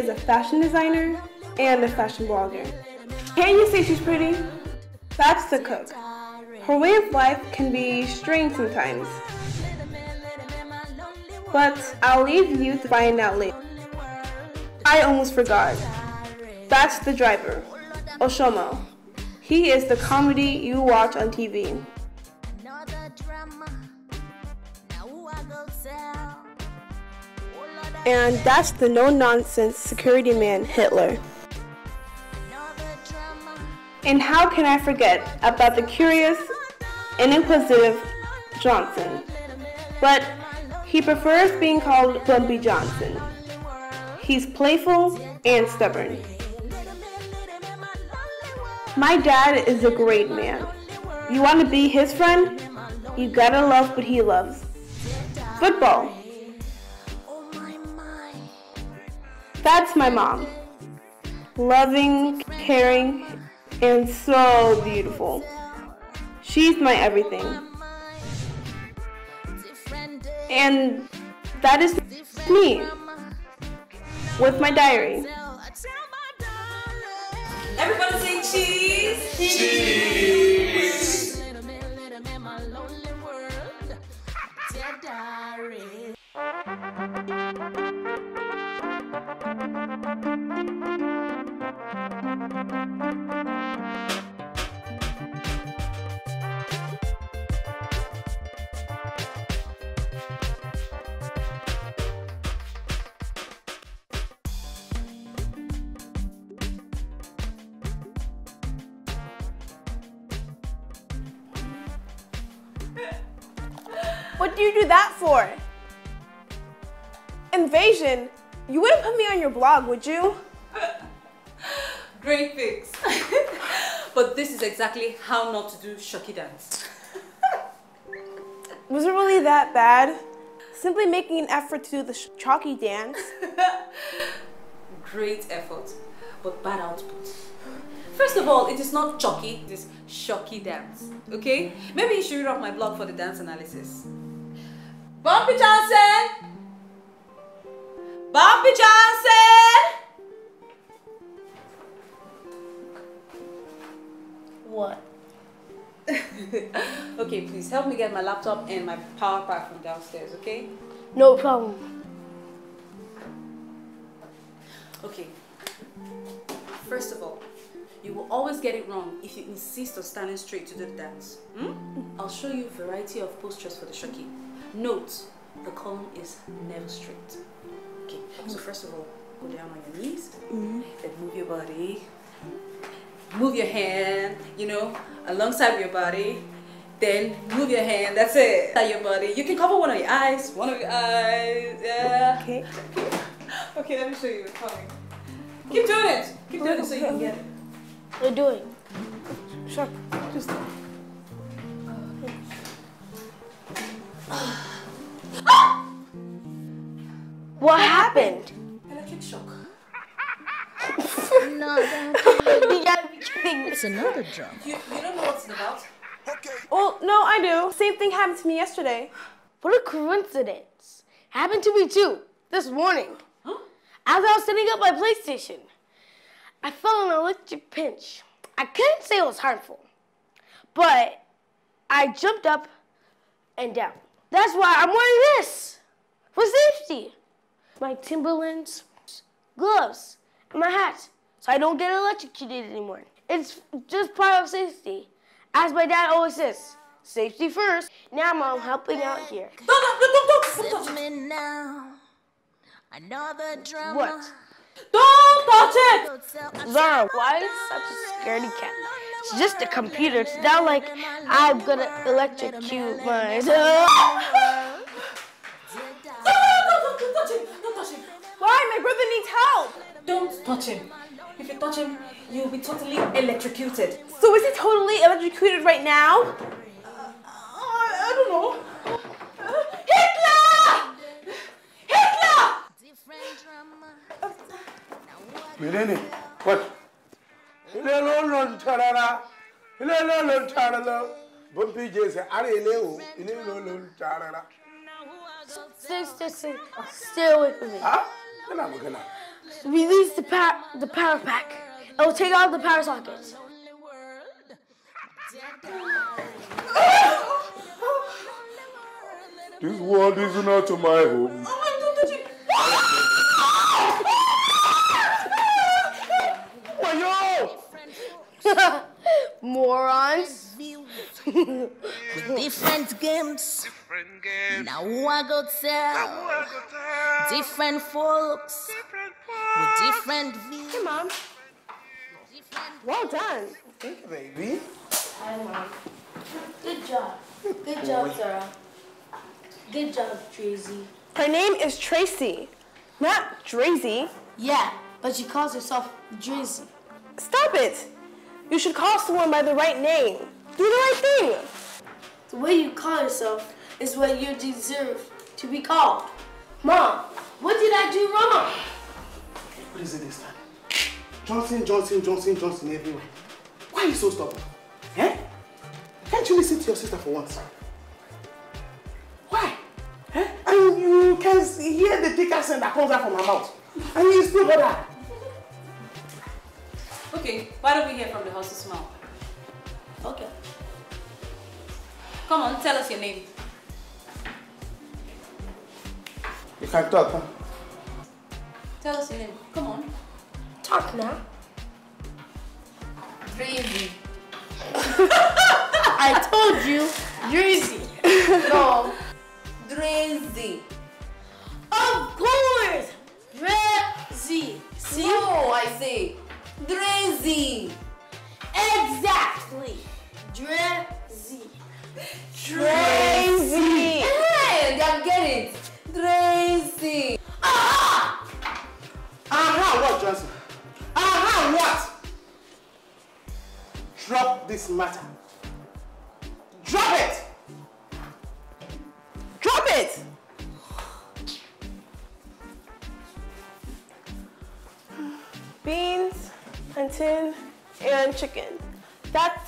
is a fashion designer and a fashion blogger. Can you say she's pretty? That's the cook. Her way of life can be strange sometimes. But I'll leave you to find out later. I almost forgot. That's the driver, Oshomo. He is the comedy you watch on TV. And that's the no nonsense security man, Hitler. And how can I forget about the curious and inquisitive Johnson? But he prefers being called Bumpy Johnson. He's playful and stubborn. My dad is a great man. You want to be his friend? You gotta love what he loves. Football. That's my mom. Loving, caring, and so beautiful. She's my everything. And that is me with my diary. Everybody say cheese. Cheese. cheese. What do you do that for? Invasion. You wouldn't put me on your blog, would you? Great fix. but this is exactly how not to do shocky dance. Was it really that bad? Simply making an effort to do the chalky dance. Great effort, but bad output. First of all, it is not chalky, it is shocky dance. Okay? Maybe you should read up my blog for the dance analysis. Bumpy Johnson! Bobby Johnson! What? okay, please help me get my laptop and my power pack from downstairs, okay? No problem. Okay. First of all, you will always get it wrong if you insist on standing straight to do the dance. Hmm? I'll show you a variety of postures for the shaki. Note, the column is never straight. Okay, so first of all, go down on your knees mm -hmm. and move your body. Move your hand, you know, alongside your body. Then move your hand, that's it. your body. You can cover one of your eyes, one of your eyes. Yeah. Okay. Okay, let me show you. Coming. Keep doing it. Keep doing it so you can get it. We're doing. Sure. Just. What, what happened? Electric shock. no, you gotta be kidding It's another drama. You, you don't know what's about. Okay. Well, no, I do. Same thing happened to me yesterday. What a coincidence. Happened to me too, this morning. As I was setting up my PlayStation, I felt an electric pinch. I couldn't say it was harmful, but I jumped up and down. That's why I'm wearing this for safety my Timberlands, gloves, and my hat so I don't get electrocuted anymore. It's just part of safety. As my dad always says, safety first. Now mom, helping out here. What? Don't touch it! Zara, why is such a scaredy cat? It's just a computer. It's not like I'm gonna electrocute myself. Why? My brother needs help. Don't touch him. If you touch him, you'll be totally electrocuted. So is he totally electrocuted right now? Uh, I, I don't know. Uh, Hitler! Hitler! Uh, Menene? What? Ilé ló ló ń tara ra. Ilé ló ló ń tara lọ. Bó bí Jésù, ara Stay, stay, stay. Stay away from me. Huh? magana. Release the power the power pack. It will take out the power sockets. this world is not my home. Oh, my God, Morons. With different games. Different games. Now I go tell. Different folks. Different folks. With different views. Hey, Mom. Different well done. Thank you, baby. Hi, Mom. Good job. Good job, Sarah. Good job, Tracy. Her name is Tracy, not Drazy. Yeah, but she calls herself Drazy. Stop it! You should call someone by the right name. Do the right thing. The way you call yourself is what you deserve to be called. Mom, what did I do wrong? What is it this time? Johnson, Johnson, Johnson, Johnson everywhere. Why are you so stubborn? Eh? Can't you listen to your sister for once? Why? Eh? I mean, you can hear the thick accent that comes out from her mouth. and you still got that. Okay, why don't we hear from the horse's mouth? Okay. Come on, tell us your name. You can not talk, huh? Tell us your name. Come on. Talk now. Breezy. I told you. Breezy. no. Breezy. Of course.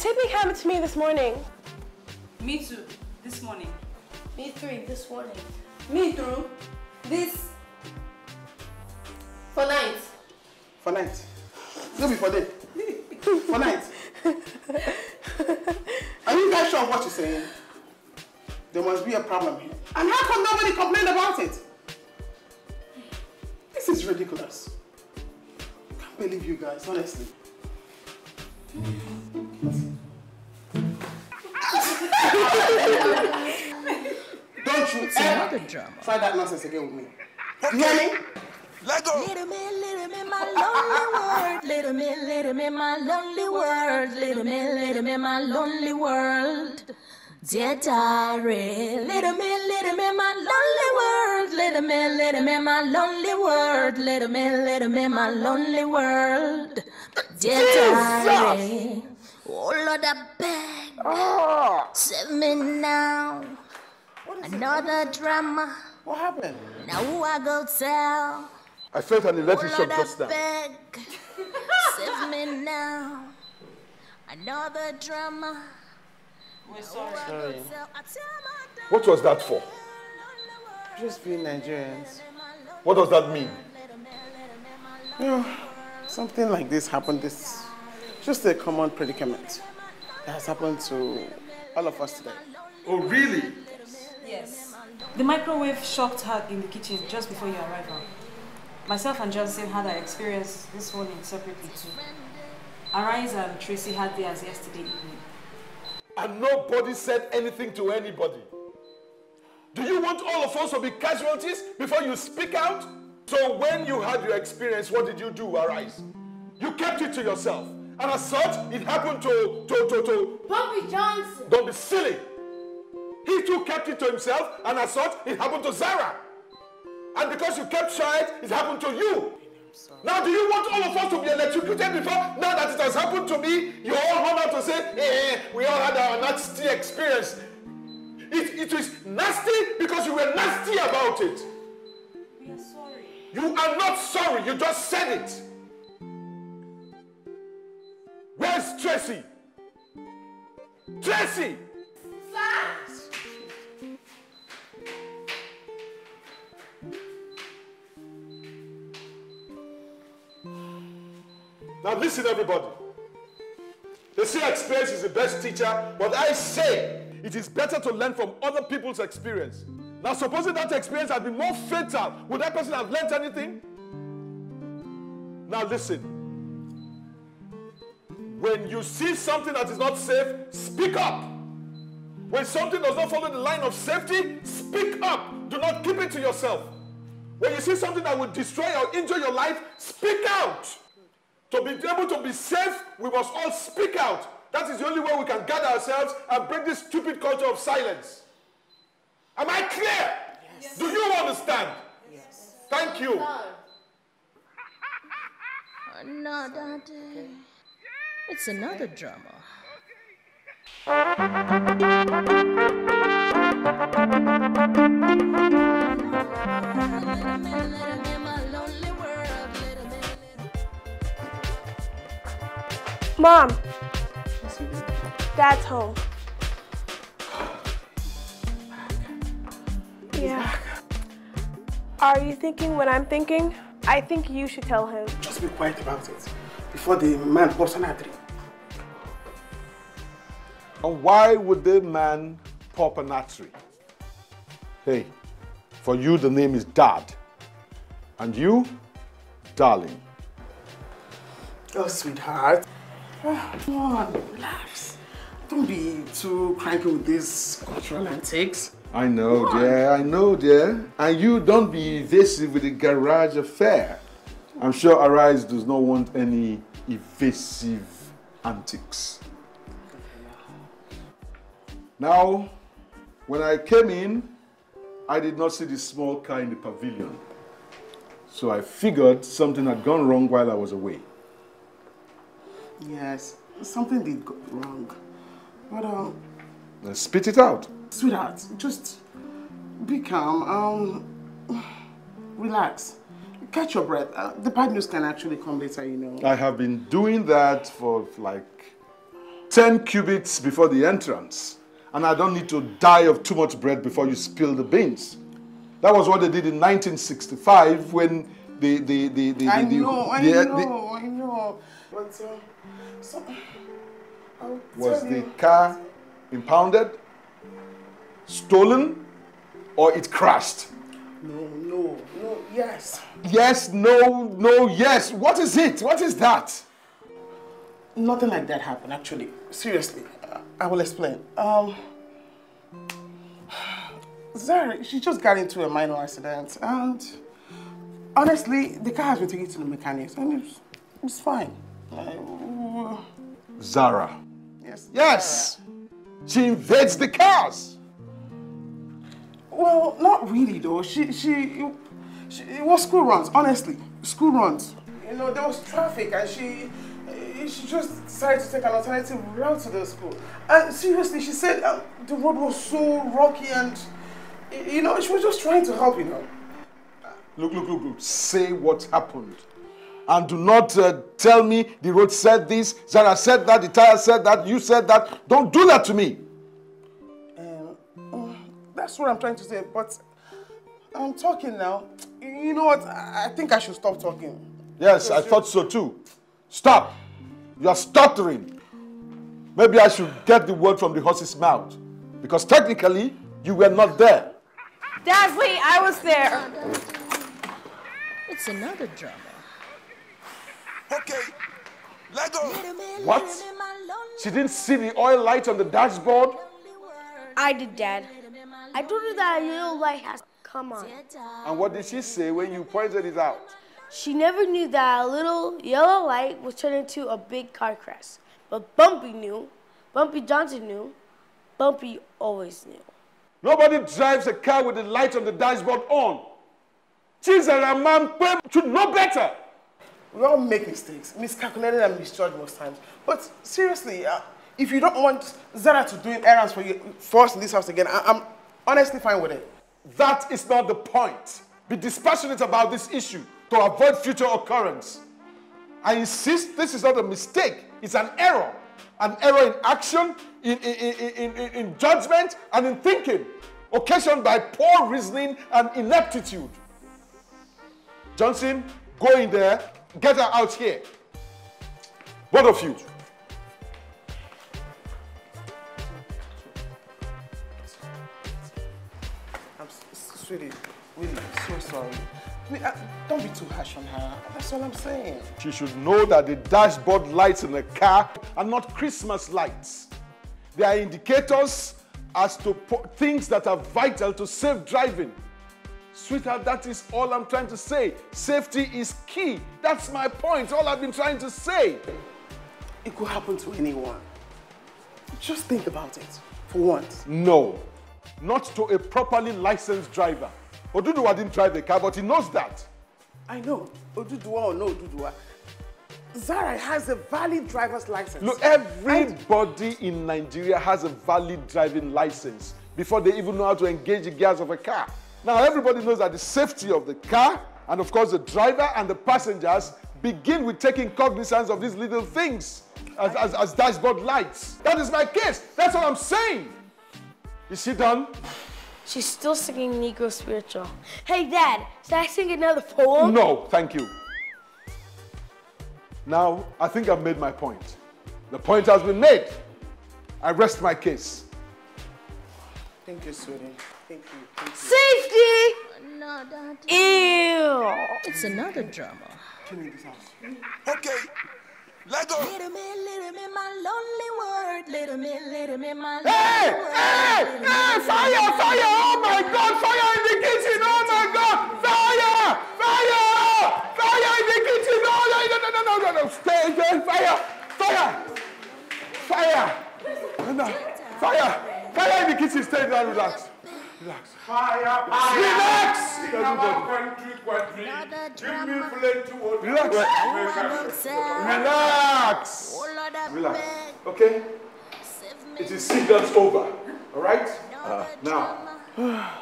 same thing happened to me this morning. Me too, this morning. Me three, this morning. Me through, this... For night. For night. No be for day. nonsense again with me. Okay. You Let go. Little me, little me, my lonely world. Little me, little me, my lonely world. Little me, little me, my lonely world. Dear diary, little me, little me, my lonely world. Little me, little me, my lonely world. Little me, little me, my lonely world. Dear diary, oh Lord, I beg, oh. save me now. Another drama. What happened? Now who I go tell? I felt an oh, electric shock just now. Beg, save me now. Another drama. We're sorry. sorry. What was that for? Just being Nigerians. What does that mean? You know, something like this happened. This just a common predicament that has happened to all of us today. Oh, really? yes. The microwave shocked her in the kitchen just before your arrival. Myself and Johnson had our experience this morning separately too. Arise and Tracy had theirs yesterday evening. And nobody said anything to anybody. Do you want all of us to be casualties before you speak out? So when you had your experience, what did you do, Arise? You kept it to yourself. And as such, it happened to, to, to, to... Bobby Johnson. Don't be silly. He too kept it to himself, and as such, it happened to Zara. And because you kept quiet, it happened to you. Now, do you want all of us to be electrocuted before? Now that it has happened to me, you all run out to say, "Hey, eh, we all had our nasty experience. It, it was nasty because you were nasty about it. We are sorry. You are not sorry, you just said it. Where's Tracy? Tracy! Now listen, everybody. They say experience is the best teacher, but I say it is better to learn from other people's experience. Now, supposing that experience had been more fatal, would that person have learned anything? Now, listen. When you see something that is not safe, speak up. When something does not follow the line of safety, speak up. Do not keep it to yourself. When you see something that will destroy or injure your life, speak out. To be able to be safe, we must all speak out. That is the only way we can guard ourselves and break this stupid culture of silence. Am I clear? Yes. Do you understand? Yes. Thank you. no Daddy. It's another drama. Mom, Dad's home. Yeah. Are you thinking what I'm thinking? I think you should tell him. Just be quiet about it before the man pours an artery. And why would the man pop an artery? Hey, for you the name is Dad. And you, darling. Oh, sweetheart. Oh, on, relax. Don't be too cranky with these cultural antics. I know, dear, I know, dear. And you don't be evasive with the garage affair. I'm sure Arise does not want any evasive antics. Now, when I came in, I did not see the small car in the pavilion. So I figured something had gone wrong while I was away. Yes, something did go wrong. But, um... Then spit it out. Sweetheart, just be calm. Um, relax. Catch your breath. Uh, the bad news can actually come later, you know. I have been doing that for like 10 cubits before the entrance. And I don't need to die of too much bread before you spill the beans. That was what they did in 1965 when the... the, the, the, the I know, the, I know, I know. But, uh, so, was the car impounded, stolen, or it crashed? No, no, no, yes. Yes, no, no, yes. What is it? What is that? Nothing like that happened, actually. Seriously, I will explain. Um, she just got into a minor accident, and honestly, the car has been taken to the mechanics, and it's, it's fine. Zara. Yes. Yes. Zara. She invades the cars. Well, not really though. She, she, she, it was school runs, honestly. School runs. You know, there was traffic and she, she just decided to take an alternative route to the school. And seriously, she said uh, the road was so rocky and, you know, she was just trying to help, you know. Look, look, look, look. Say what happened and do not uh, tell me the road said this, Zara said that, the tire said that, you said that. Don't do that to me. Um, oh, that's what I'm trying to say, but I'm talking now. You know what? I think I should stop talking. Yes, I thought so too. Stop. You are stuttering. Maybe I should get the word from the horse's mouth. Because technically, you were not there. Dazzly, I was there. It's another drama. Okay, let go. What? She didn't see the oil light on the dashboard? I did, Dad. I told her that a yellow light has come on. And what did she say when you pointed it out? She never knew that a little yellow light was turning into a big car crash. But Bumpy knew. Bumpy Johnson knew. Bumpy always knew. Nobody drives a car with the light on the dashboard on. She's a man should know better. We all make mistakes, miscalculated and misjudged most times. But seriously, uh, if you don't want Zara to do errands for you, for us in this house again, I I'm honestly fine with it. That is not the point. Be dispassionate about this issue to avoid future occurrence. I insist this is not a mistake, it's an error. An error in action, in, in, in, in judgment, and in thinking, occasioned by poor reasoning and ineptitude. Johnson, go in there Get her out here. Both of you. I'm sweetie, really so sorry. Uh, don't be too harsh on her. That's all I'm saying. She should know that the dashboard lights in the car are not Christmas lights. They are indicators as to things that are vital to safe driving. Sweetheart, that is all I'm trying to say. Safety is key. That's my point, all I've been trying to say. It could happen to anyone. Just think about it, for once. No, not to a properly licensed driver. Oduduwa didn't drive the car, but he knows that. I know, Oduduwa or no Oduduwa. Zara has a valid driver's license. Look, everybody and... in Nigeria has a valid driving license before they even know how to engage the gears of a car. Now, everybody knows that the safety of the car and, of course, the driver and the passengers begin with taking cognizance of these little things as, as, as dashboard lights. That is my case. That's what I'm saying. Is she done? She's still singing Negro Spiritual. Hey, Dad, should I sing another poem? No, thank you. Now, I think I've made my point. The point has been made. I rest my case. Thank you, sweetie. Safety! No, Daddy. Ew. It's another drama. Okay. Let go. Little me, little me, my lonely word. Little me, little me, my lonely hey, word. Hey, hey, fire, fire. Oh my God, fire in the kitchen. Oh my God, fire, fire, fire in the kitchen. No, oh, no, no, no, no, no, no. Stay there, fire, fire, fire. No, fire, fire in the kitchen. Stay there, relax. Relax. Fire, fire. Relax. Country, country. Give me plenty water. Relax. Relax. Relax. Oh, Relax. Okay? It is signals over. All right? Ah. now,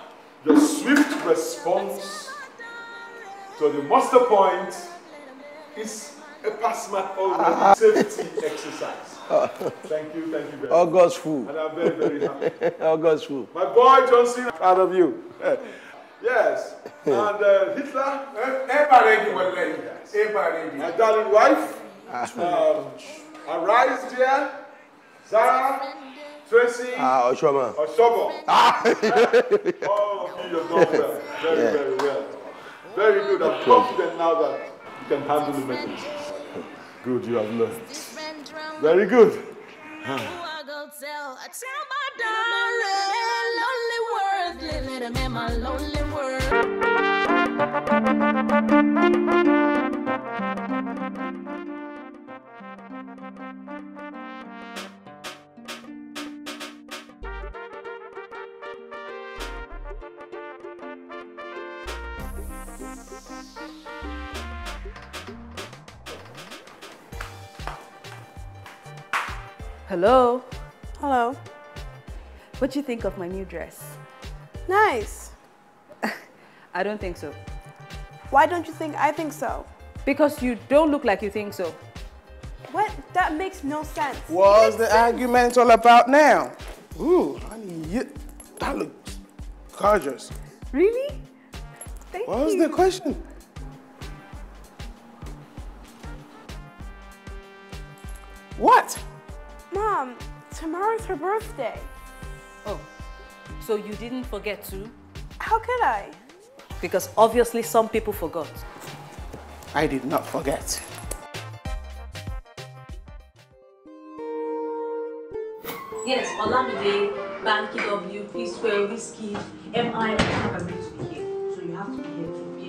the swift response to the master point is a pass or already ah. safety exercise thank you, thank you very August much. Fool. And I'm very, very happy. Fool. My boy Johnson, proud of you. yes. And uh, Hitler. Eh, Everybody were there. Everybody. My darling wife. Ah. um, Arise, dear. Zara. Tracy. Ah, uh, Oshoma. Oshoma. Ah. All of you have done well. Very, yeah. very well. Very good. I'm confident now that you can handle the message. Good, you have learned. Very good. I go tell, I tell my darling, lonely world, in my lonely world. Hello. Hello. What do you think of my new dress? Nice. I don't think so. Why don't you think I think so? Because you don't look like you think so. What? That makes no sense. What's the sense? argument all about now? Ooh, honey, you, that looks gorgeous. Really? Thank what you. What was the question? What? Mom, tomorrow's her birthday. Oh, so you didn't forget to? How could I? Because obviously some people forgot. I did not forget. Yes, Olamide, Bank W, P Square, Whiskey, MI, I'm have to be here. So you have to be here to be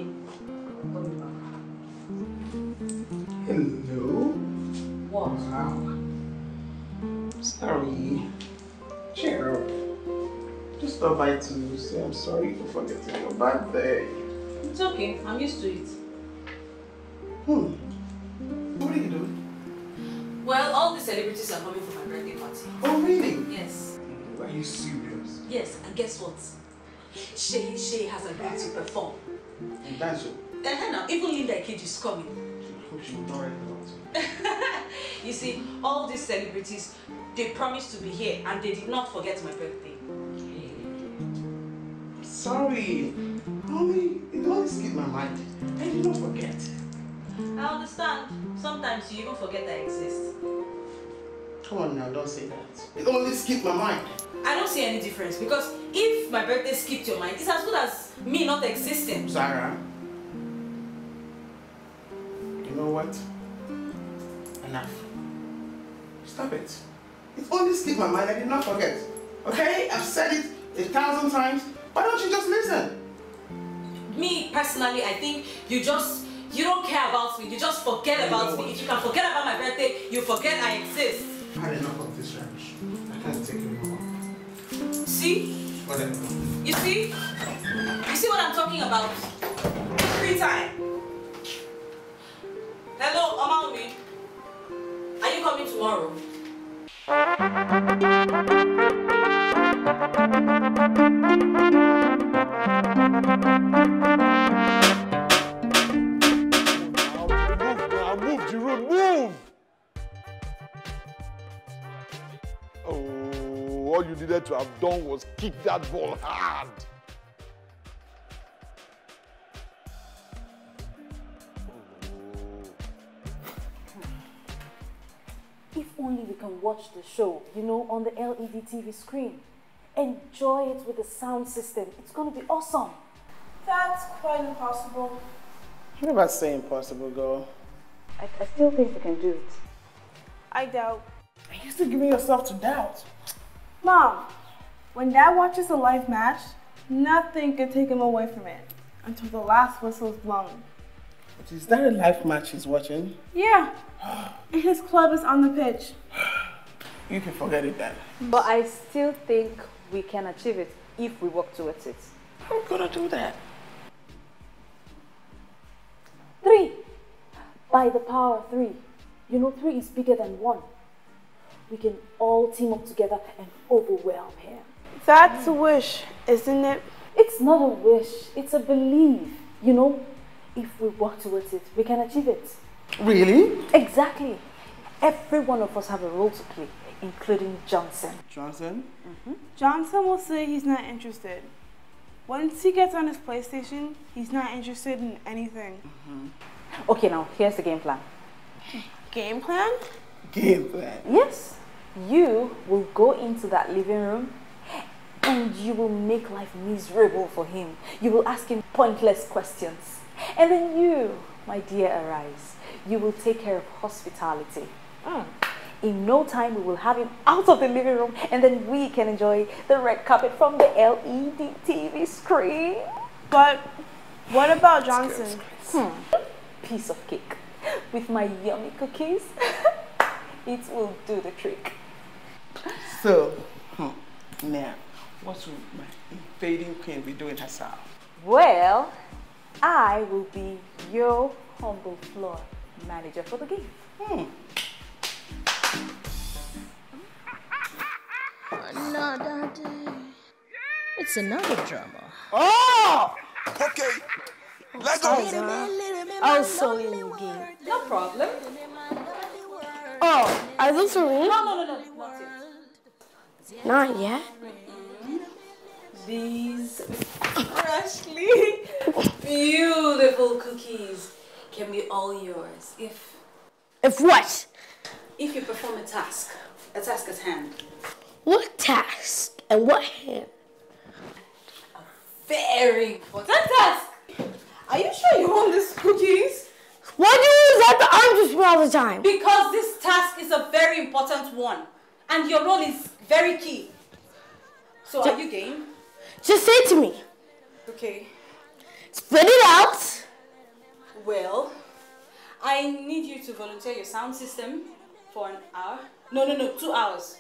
Hello? What? Wow. Sorry. Cheer up. Just stop by to say I'm sorry for forgetting your birthday. It's okay. I'm used to it. Hmm. What are you doing? Well, all the celebrities are coming for my birthday party. Oh, really? Yes. Are you serious? Yes, and guess what? Shay Shay has agreed to perform. And that's all? Uh, even Linda Kid is coming. I hope she will not You see, all these celebrities they promised to be here and they did not forget my birthday. Sorry, mommy, it always skipped my mind. I did not forget. I understand. Sometimes you even forget I exist. Come on now, don't say that. It only skipped my mind. I don't see any difference because if my birthday skipped your mind, it's as good as me not existing. Sarah, you know what? Enough. Stop it. It only slipped my mind. I did not forget. Okay? I've said it a thousand times. Why don't you just listen? Me, personally, I think you just... You don't care about me. You just forget about me. If you can forget about my birthday, you forget I exist. I had enough of this rubbish. I can't take it anymore. See? Whatever. You see? You see what I'm talking about? Free time. Hello, Omaumi. Are you coming tomorrow? Oh, all you needed to have done was kick that ball hard. watch the show, you know, on the LED TV screen. Enjoy it with the sound system. It's going to be awesome. That's quite impossible. What about saying impossible, girl? I, I still think you can do it. I doubt. Are you still giving yourself to doubt? Mom, when Dad watches a live match, nothing can take him away from it until the last whistle is blown. But is that a live match he's watching? Yeah. and his club is on the pitch. you can forget it then. But I still think we can achieve it if we work towards it. I'm gonna do that. Three. By the power of three. You know, three is bigger than one. We can all team up together and overwhelm him. That's a wish, isn't it? It's not a wish, it's a belief. You know, if we work towards it, we can achieve it. Really? Exactly. Every one of us have a role to play including Johnson. Johnson? Mm -hmm. Johnson will say he's not interested. Once he gets on his PlayStation, he's not interested in anything. Mm -hmm. Okay, now here's the game plan. Game plan? Game plan. Yes. You will go into that living room and you will make life miserable for him. You will ask him pointless questions. And then you, my dear Arise, you will take care of hospitality. Mm. In no time, we will have him out of the living room and then we can enjoy the red carpet from the LED TV screen. But what about Johnson? Hmm. Piece of cake. With my yummy cookies, it will do the trick. So, hmm, now, what will my invading queen be doing herself? Well, I will be your humble floor manager for the game. Hmm. Another day. It's another drama. Oh! Okay. Let's go. Also you again. No problem. Oh, are those for me? No, no, no, no. Not yet. Not yet? These freshly beautiful cookies can be all yours if... If what? If you perform a task. A task at hand. What task and what hand? A very important task. Are you sure you want these cookies? Why do you use that the arms all the time? Because this task is a very important one. And your role is very key. So are you game? Just say to me. Okay. Spit it out. Well, I need you to volunteer your sound system for an hour. No, no, no, two hours.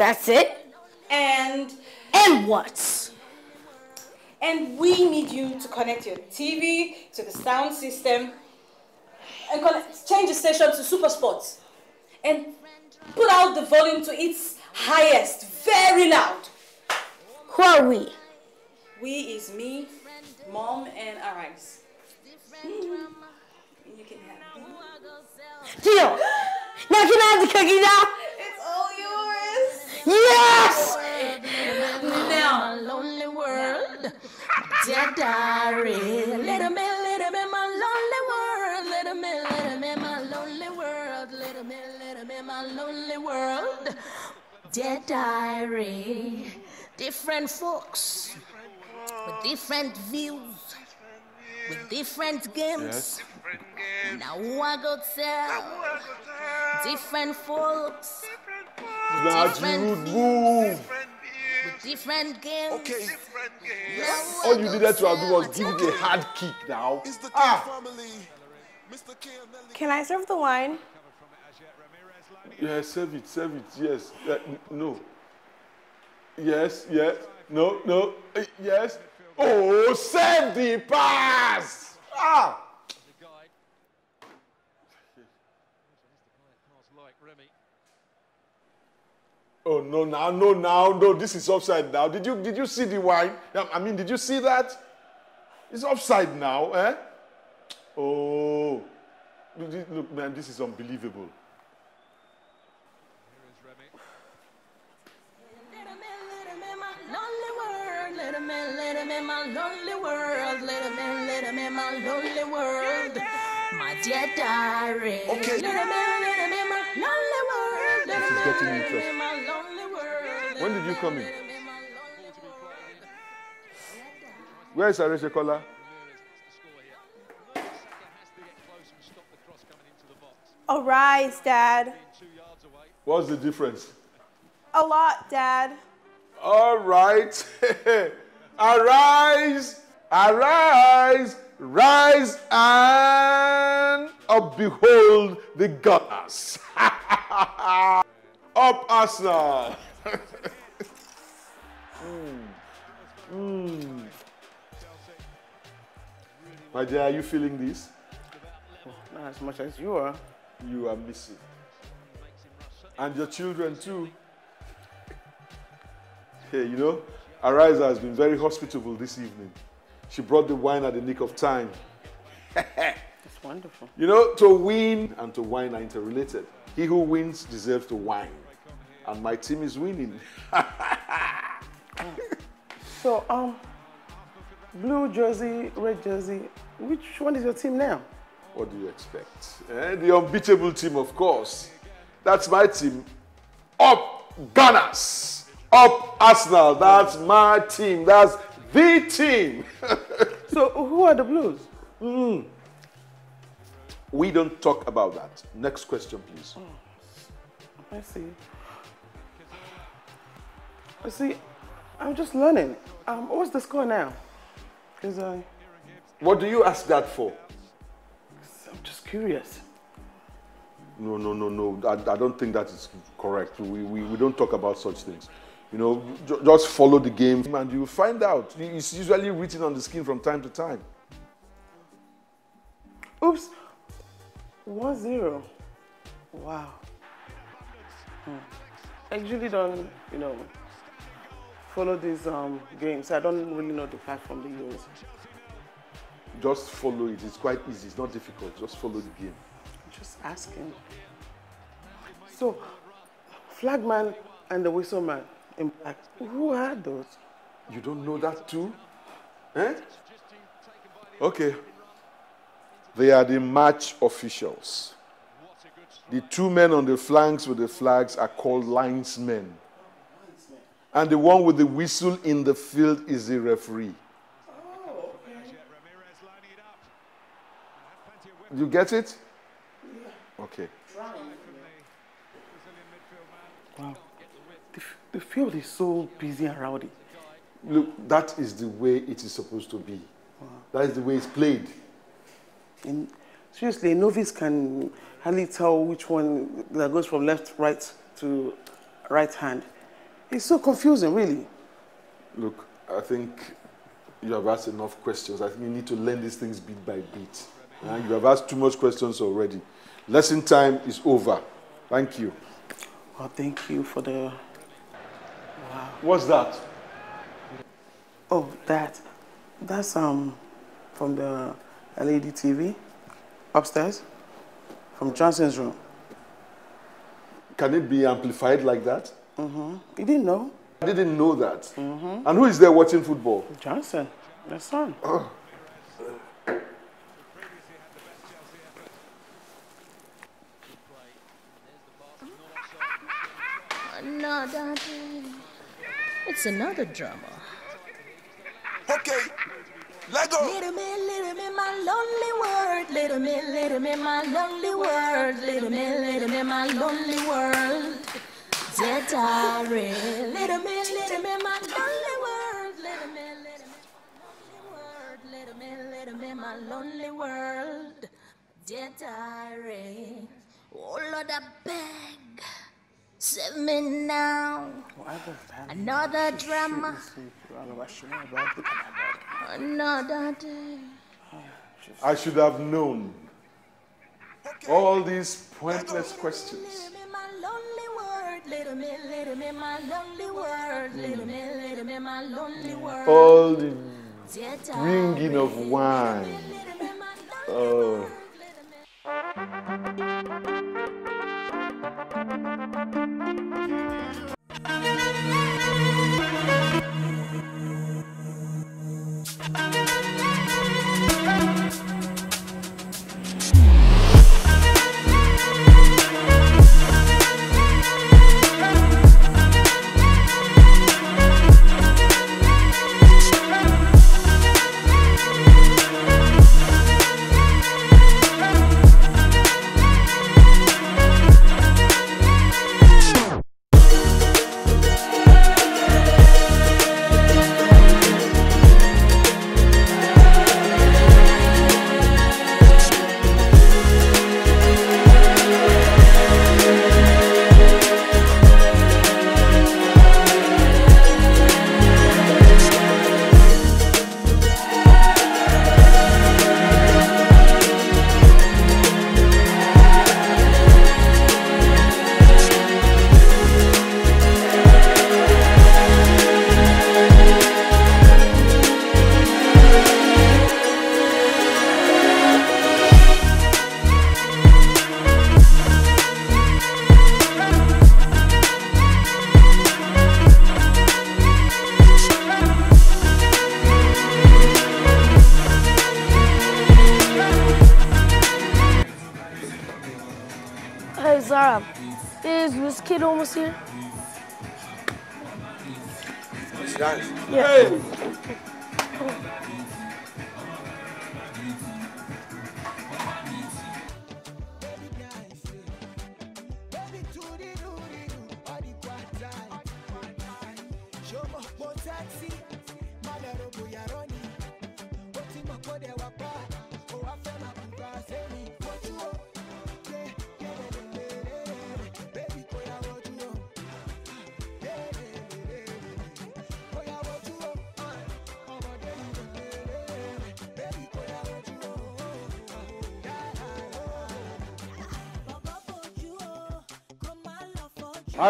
That's it? And... And what? And we need you to connect your TV to the sound system and connect, change the station to Super Sports and put out the volume to its highest, very loud. Who are we? We is me, mom, and Arise. Mm. You can have. Deal. now can I have the cookie now? Yes! Now, lonely world. Dead diary. Little man, little man, my lonely world. Little man, little man, my lonely world. Little man, little man, my lonely world. Dead diary. Different folks with different views with different games. Yes. Now I go tell different folks. Different move. different games. Okay. Different games. Yes. All you needed to have was give it a hard kick now. Is the ah. family. Mr. Can I serve the wine? Yes. serve it, serve it. Yes. Uh, no. Yes, yes. No, no. Uh, yes. Oh, send the pass! Ah! Oh no! Now, no! Now, no! This is offside now. Did you did you see the wine? I mean, did you see that? It's offside now, eh? Oh, look, man! This is unbelievable. in my lonely world. Let him in, let in my lonely world. My dear diary. Okay. Let him in, let in my lonely world. Let this is getting interesting. When did you come in? Where is Arisha Kola? Arise, Dad. What's the difference? A lot, Dad. All right. Arise, arise, rise and up behold the goddess. up Arsenal. mm. Mm. My dear, are you feeling this? Not as much as you are. You are missing. And your children too. Hey, you know, Ariza has been very hospitable this evening. She brought the wine at the nick of time. That's wonderful. You know, to win and to wine are interrelated. He who wins deserves to wine. And my team is winning. so, um, blue jersey, red jersey, which one is your team now? What do you expect? Eh? The unbeatable team, of course. That's my team. Up Gunners! Up Arsenal. That's my team. That's the team. so who are the Blues? Mm. We don't talk about that. Next question, please. Oh, I see. You see, I'm just learning. Um, what's the score now? Because I. What do you ask that for? I'm just curious. No, no, no, no. I, I don't think that is correct. We, we, we don't talk about such things. You know, just follow the game and you find out. It's usually written on the skin from time to time. Oops. 1 0. Wow. Hmm. I usually don't, you know, follow these um, games. I don't really know the from the use. Just follow it. It's quite easy. It's not difficult. Just follow the game. Just asking. So, Flagman and the Whistleman, impact. Who are those? You don't know that too? Eh? Okay. They are the match officials. The two men on the flanks with the flags are called linesmen. And the one with the whistle in the field is the referee. Oh, okay. You get it? Okay. The field is so busy and rowdy. Look, that is the way it is supposed to be. Wow. That is the way it's played. And seriously, a novice can hardly tell which one that goes from left, right to right hand. It's so confusing, really. Look, I think you have asked enough questions. I think you need to learn these things bit by bit. you have asked too much questions already. Lesson time is over. Thank you. Well, thank you for the What's that? Oh, that. That's um from the LED TV upstairs from Johnson's room. Can it be amplified like that? Mm-hmm. You didn't know? I didn't know that. Mm-hmm. And who is there watching football? Johnson, my son. Oh. no, Daddy. It's another drama. Okay, let go. Little man, little man, my lonely world. Little man, little man, my lonely world. Little man, little man, my lonely world. Dead diary. Little man, little man, my lonely world. Little man, little man, my lonely world. little man, little man, my lonely world. Dear diary, oh Lord, I beg. Save me now. Another drama. Another day. I should have known all these pointless questions. All the ringing of wine. Oh. Thank you.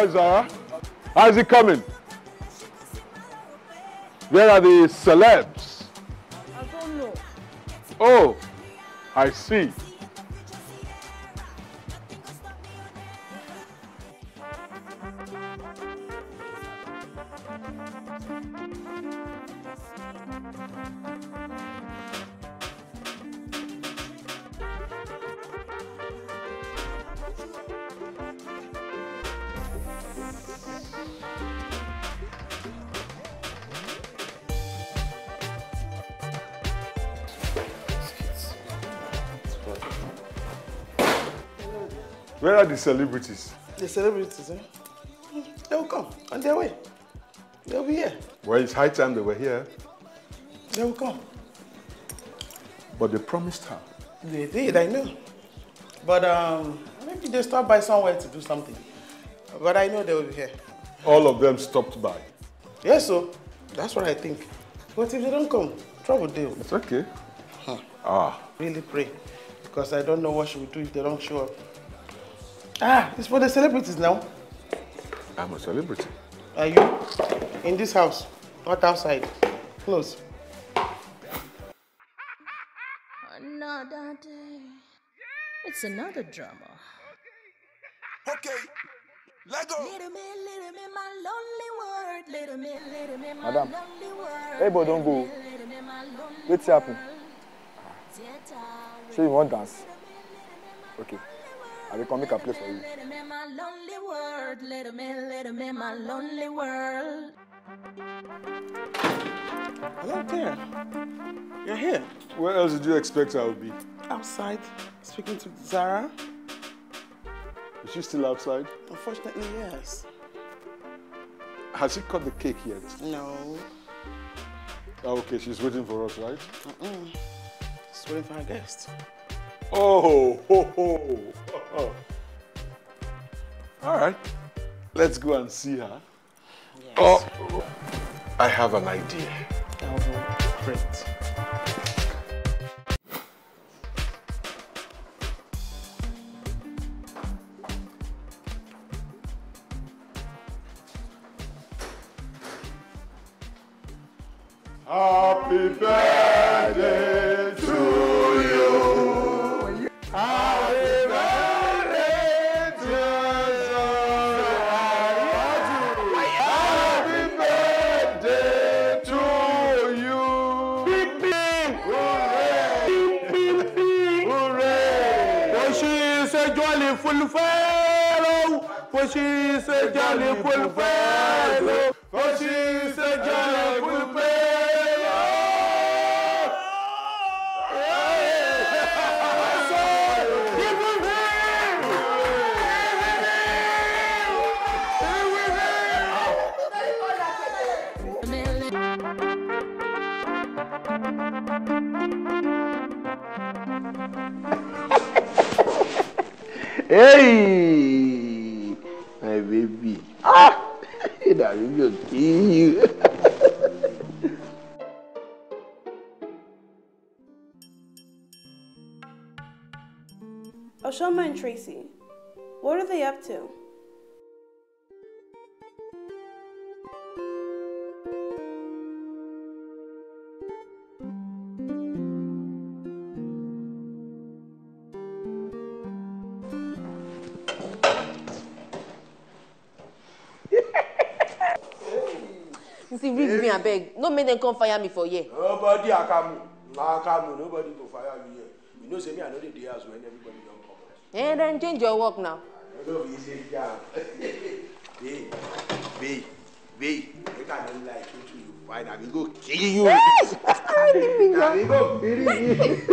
Hi, Zara. How's it coming? Where are the celebs? I don't know. Oh, I see. celebrities. The celebrities, eh? They will come on their way. They'll be here. Well, it's high time they were here. They will come. But they promised her. They did, I know. But um, maybe they stopped by somewhere to do something. But I know they will be here. All of them stopped by? Yes, so that's what I think. But if they don't come, trouble deal. It's okay. Huh. Ah. Really pray. Because I don't know what she will do if they don't show up. Ah, it's for the celebrities now. I'm a celebrity. Are you? In this house, not outside. Close. Another day. It's another drama. Okay. Let go. Little me, little me, my lonely Little me, little me, my Madam. lonely Hey, boy, don't go. What's happening? So you want dance? Okay. I will come make a play for you. my lonely world. Hello there. You're here. Where else did you expect I would be? Outside, speaking to Zara. Is she still outside? Unfortunately, yes. Has she cut the cake yet? No. Oh, okay, she's waiting for us, right? Mm-mm. She's waiting for her guest. Oh, ho, ho. Oh. All right. Let's go and see her. Yes. Oh, I have an idea. That great. Tracy. What are they up to? you see read me beg. no man can come fire me for here. nobody come, na akamu nobody go fire me. here you know say me i no dey And then change your work now. Don't be easy, yeah. Hey, babe, babe, you can't like to you. Fine, I will go kill you. Hey, stop me. I kill you.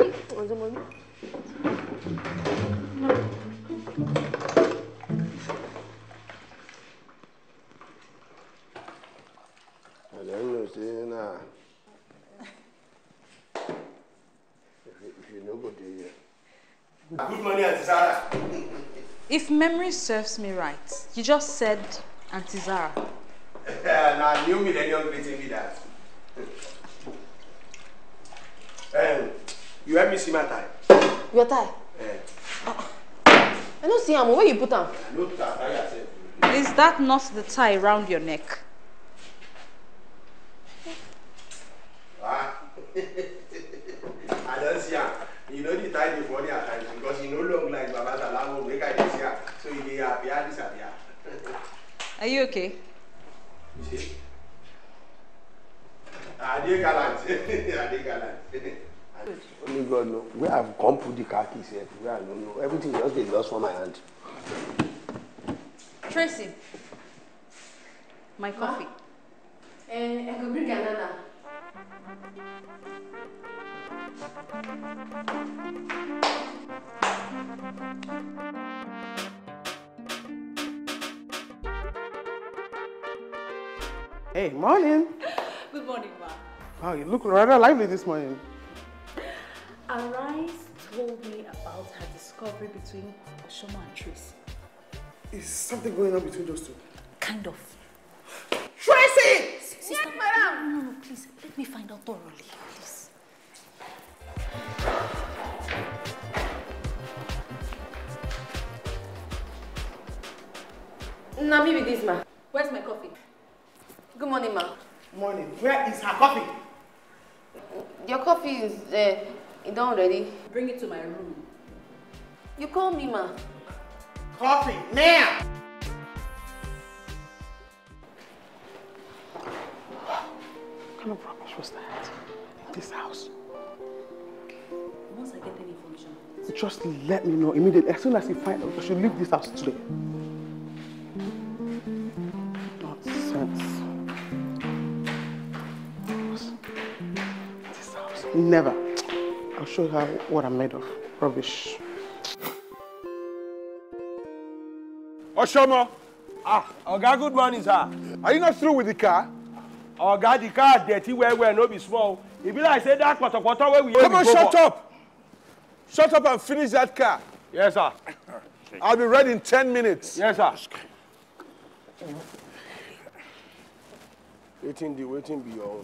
memory serves me right, you just said Auntie Zara. now, new millennium greeting me that. um, you help me see my tie. Your tie? Yeah. Uh, I don't see him. Where you put him? Is that not the tie around your neck? Hey, morning. Good morning, Ma. Wow, you look rather lively this morning. Arise told me about her discovery between Oshoma and Tracy. Is something going on between those two? Kind of. Tracy! Sister, yes, madam! No, no, no, please, let me find out thoroughly, please. Now, maybe this, man. Good morning, ma. Morning. Where is her coffee? Your coffee is there. Eh, it's done already. Bring it to my room. You call me, ma. Coffee, now! What kind of rubbish was that? In this house? Once I get any information. Just let me know immediately. As soon as you find out, you should leave this house today. Never. I'll show her what I'm made of. Rubbish. Oshomo! Ah, Oga, good morning, sir. Are you not through with the car? Oga, the car dirty well, well, no be small. If be like say that quarter quarter where we Come on, shut up! Shut up and finish that car. Yes, sir. I'll be ready in 10 minutes. Yes, sir. Waiting the waiting be your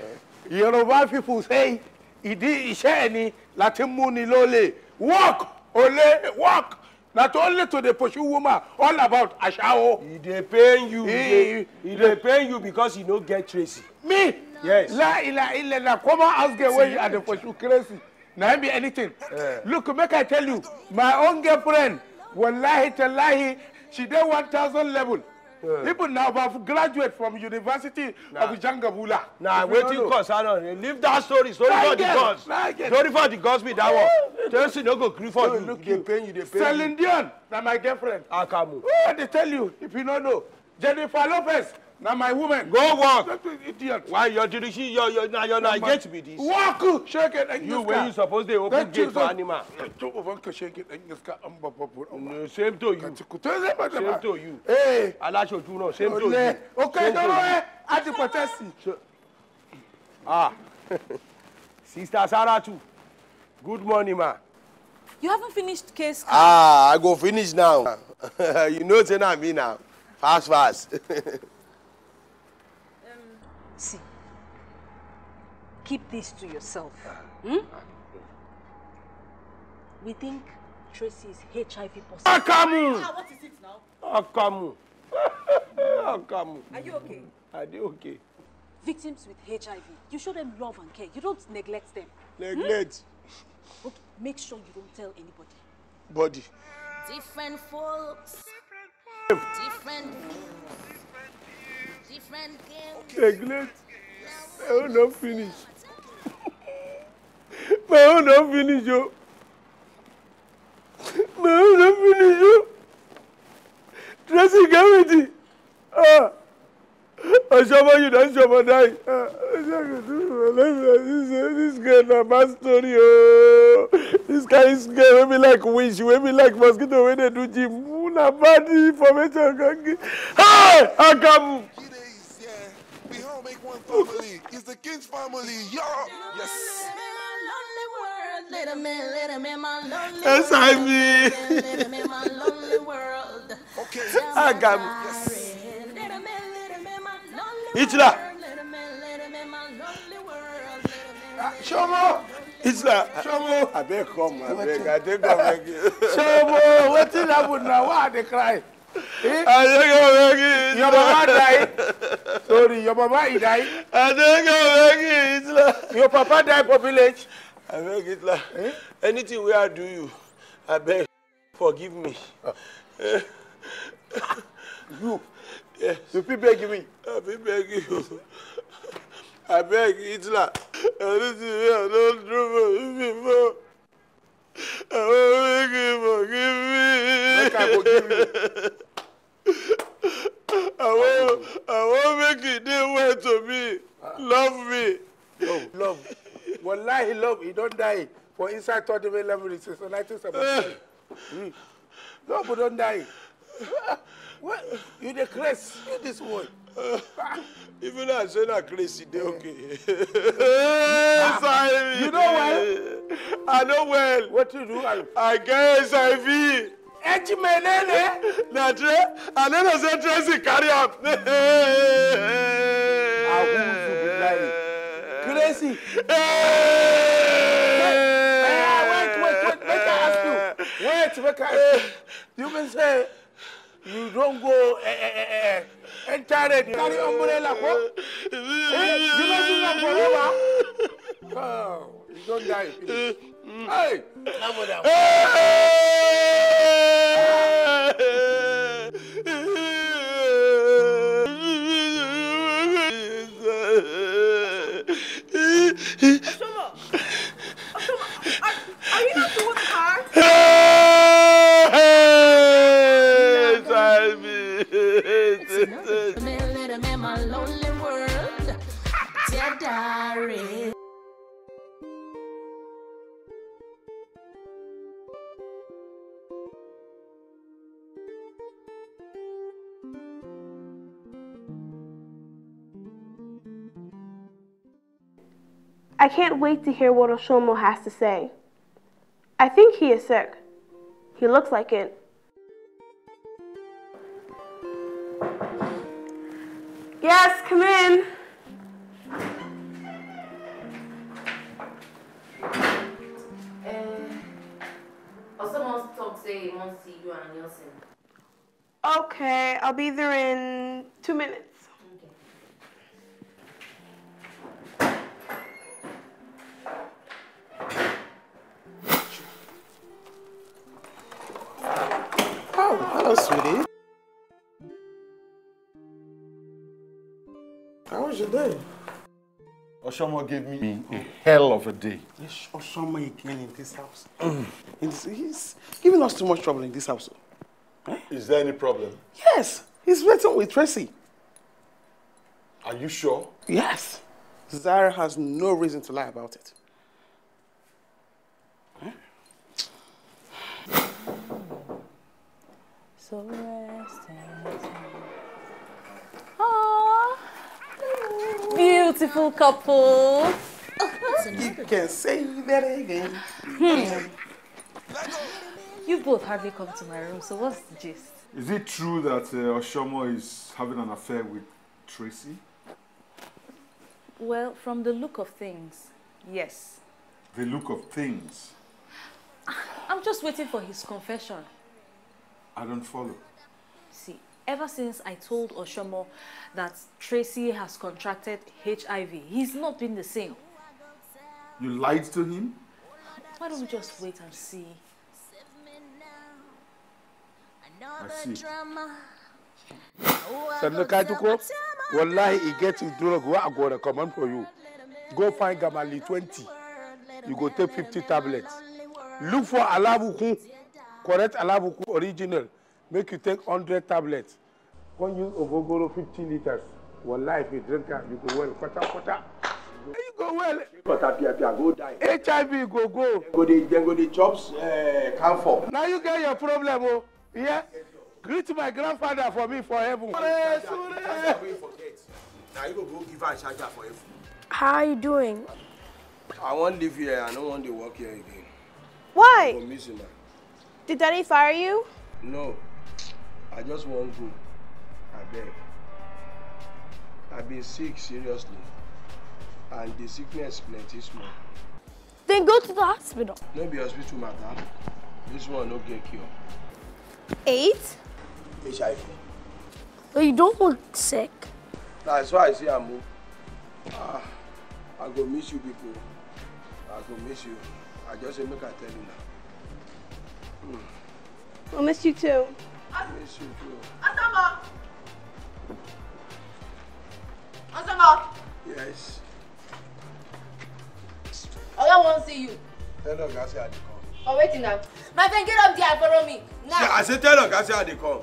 Right. Yoruba people say, ìdí iṣẹ́ ẹ̀ ni láti mú ni lólè work ole, work na to only to dey pursue woman all about ashawo. e dey pain you e dey pain you because you no get tracy. me yes la ila ila na common house girl wey i dey pursue crazy na him be anything yeah. look make i tell you my own girlfriend wallahi tallahi she dey one thousand level. Yeah. Even now, have graduated from University nah. of Jangabula. Nah, waiting cause. I don't leave that story. Sorry for the gods. Sorry for the gods me that one. Chelsea no go grieve for you. Look, you. They pay you, they pay Celine Dion, now my girlfriend. Akamu. Ah, oh, they tell you, if you don't know. Jennifer Lopez, na my woman. go work why your judiciary your your na your na gate be this. work shake it enyiska. you wey you suppose dey open gate for animal. to open ka shake it enyiska an babba for an same to you same to you. alasoju náà same to you. okay dọrọ ẹ adipotesi. ah sister saratu good morning ma. you haven't finished case. ah i go finish now you know say na me now fast fast. See, keep this to yourself. Ah. Hmm? We think Tracy is HIV positive. Akamu! Ah, what is it now? Akamu. Akamu. Are you okay? Are they okay? Victims with HIV, you show them love and care. You don't neglect them. Neglect? Hmm? Okay, make sure you don't tell anybody. Body. Different folks. Different. Different. The great. My own don finish. My own don finish yo. My own don finish o. Dressing committee. Ah. Oshomo, you don shomo die. This girl na bad story o. This guy is girl wey be like witch, wey be like mosquito when they do gym. for Na bad information. Hey! come family. It's the King's family. Y'all. Yes. Yes, I mean. okay. I got yes. Itla. Shomo. Itla. Shomo. I beg come. I beg. I take come. Shomo. What did happen now? Why they cry? Adéka bẹ kí Islam. Yọ̀bọ̀ má da yìí. Sorry, your mama yìí da yìí. Adéka bẹ kí Islam. Your papa die for village. I Abeg Islam, eh? anything we I do you, I beg. forgive me. Ah. You? Yes. You fit begging me? I fit begging you. Abeg Islam, anything wey I don do for you before. I won't make you forgive me. Make I forgive you. I won't. I won't make it dey well to me. Love me. Love, love. Wallahi love, he don't die for inside third level in 1970. mm. Love don't die. what? You the craze, you this one. Even I crazy dey okay. HIV. You know well? I know well. What you do? I get HIV. Eji menene? Na tre, I know na say Tracy carry am. Awuzu bilayi. Crazy. Wait, wait, wait, make I ask you. Wait, make I ask you. You been say you don go eh eh, eh, eh, eh, enter it. carry umbrella ko eh, you no do am forever. Oh, you don die you finish. hey. hey. lonely world, dear I can't wait to hear what Oshomo has to say. I think he is sick. He looks like it. Yes, come in. Uh, talk say he wants to see you and Nielsen. Okay, I'll be there in two minutes. Oh, hello, sweetie. was your day? Oshama gave me a hell of a day. Yes, Oshama again in this house. he's giving us too much trouble in this house. Eh? Is there any problem? Yes, he's waiting with Tracy. Are you sure? Yes. Zara has no reason to lie about it. Eh? So, uh... beautiful couple. You can say that again. You both hardly come to my room, so what's the gist? Is it true that uh, Oshomo is having an affair with Tracy? Well, from the look of things, yes. The look of things? I'm just waiting for his confession. I don't follow. ever since I told Oshomo that Tracy has contracted HIV, he's not been the same. You lied to him? Why don't we just wait and see? I see. Sannan ka ji ko? Wallahi e get drug wey I go recommend for you. Go find Gamali 20. You go take 50 tablets. Look for Alabuku, correct Alabuku original make you take hundred tablets come use ogogoro fifty litres wallahi life you drink am you go well kpatakpata. you go well. water pia pia go die. hiv go go. dem go dey dem go dey chop eh, camphor. na you get your problem o oh. yeah? greet my grandfather for me for heaven. sure sure. na you go go give am charger for heaven. how are you doing. i wan leave here i no wan dey work here again. why. i go miss una. did daddy fire you. no i just wan go beg. I've been sick seriously and the sickness plenty small. then go to the hospital. no be hospital matter this one not get cure. eight. hiv. but oh, you don't look sick. that's why i say am o ah i go miss you people i go miss you i just say make i tell you now. Mm. i miss you too. Osama. Osama. Yes. Oga wan see you. Tell Oga say I dey come. Oh wait now. My friend get up there and follow me. Now. I say tell Oga say I dey come.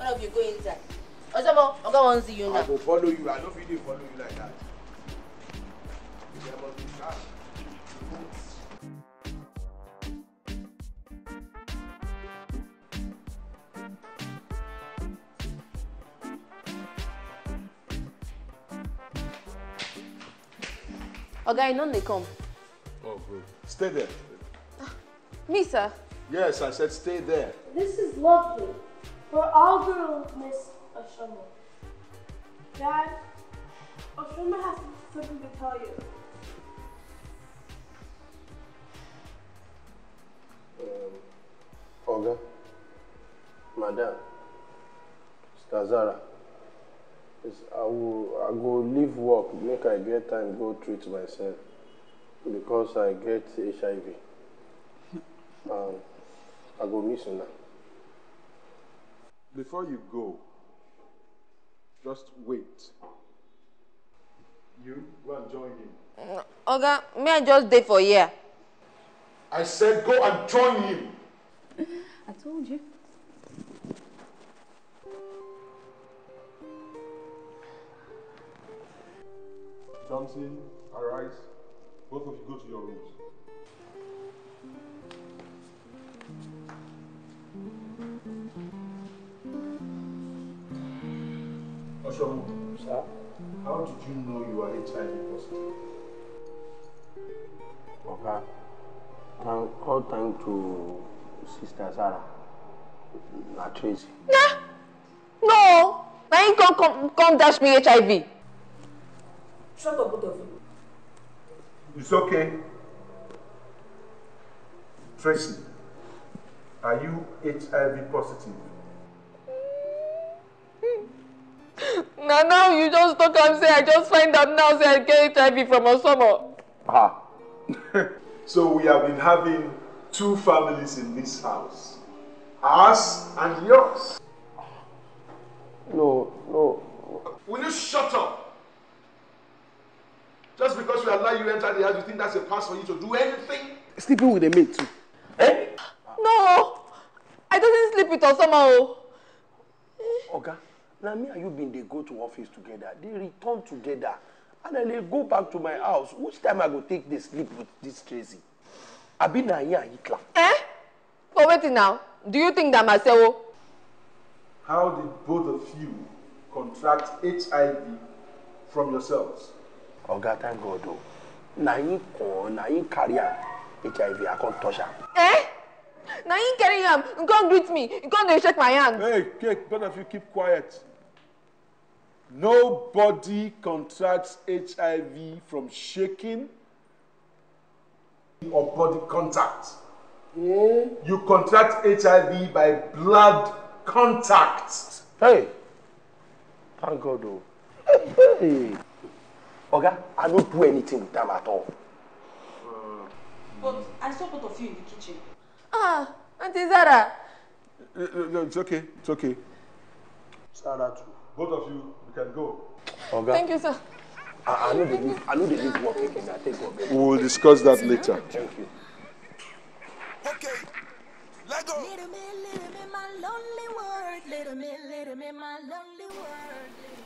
All of you go inside. Osama, Oga wan see you now. I will follow you. I don't really follow you like that. Oga, you know they come. Oh, good. Stay there. Ah, me, sir? Yes, I said stay there. This is lovely. For all girls miss Oshoma. Dad, Oshoma has something to tell you. Um, Madam, Stazara, I will I go leave work make I get time go treat myself because I get HIV and I go miss una. Before you go, just wait. You go and join him. Oga, may I just stay for here? I said go and join him. I told you. Johnson, arise. Both of you go to your rooms. Oshomu, sir, how did you know you are HIV positive? Okay. And all thanks to Sister Sarah, not Tracy. Nah, no, I ain't gonna come, come dash me HIV. Shut up, both of you. It's okay. Tracy, are you HIV positive? now, now you just talk and say, I just find out now, say I get HIV from Osomo. Ah. so we have been having two families in this house. Ours and yours. No, no. Will you shut up? Just because we allow you enter the house, you think that's a pass for you to do anything? Sleeping with a mate too. Eh? No, I don't sleep with Osama. Oh. Oga, now me and you been they go to office together. They return together. And then they go back to my house. Which time I go take the sleep with this Tracy? Abi na here and Hitler. Eh? For waiting now? Do you think that Masewo? How did both of you contract HIV from yourselves? oga thank god o na him con na him carry am hiv i come touch am. Eh? na him carry am he greet me he come dey shake my hand. hey cake both of you keep quiet nobody contracts hiv from shaking or body contact. Mm. You contract HIV by blood contact. Hey, thank God. Oh. Hey. Oga, I don't do anything with them at all. But I saw both of you in the kitchen. Ah, Auntie Zara. No, no, it's okay. It's okay. Zara too. Both of you, you can go. Oga. Thank you, sir. I, I know they leave. I know they leave work again. I take work. We will discuss that later. Thank you. Okay. Let go. Little me, little me, my lonely word. Little me, little me, my lonely word.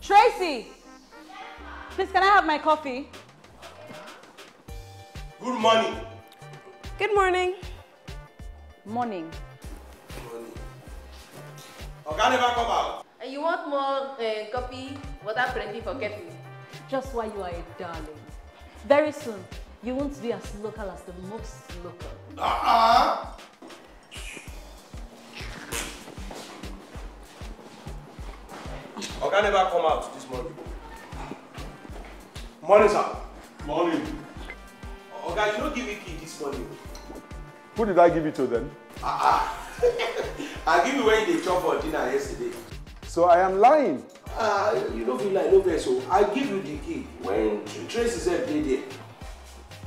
Tracy, please can I have my coffee? Good morning. Good morning. Morning. Morning. never come out. Uh, you want more uh, coffee, water plenty for me? Just why you are a darling. Very soon, you won't be as local as the most local. Uh-uh. Oga never come out this morning. Morning, sir. Morning. Oga, you don't give me key this morning. Who did I give it to then? Ah, ah. I give you when they chop for dinner yesterday. So I am lying. Ah, uh, you don't feel like no so I give you the key when Trace is every day.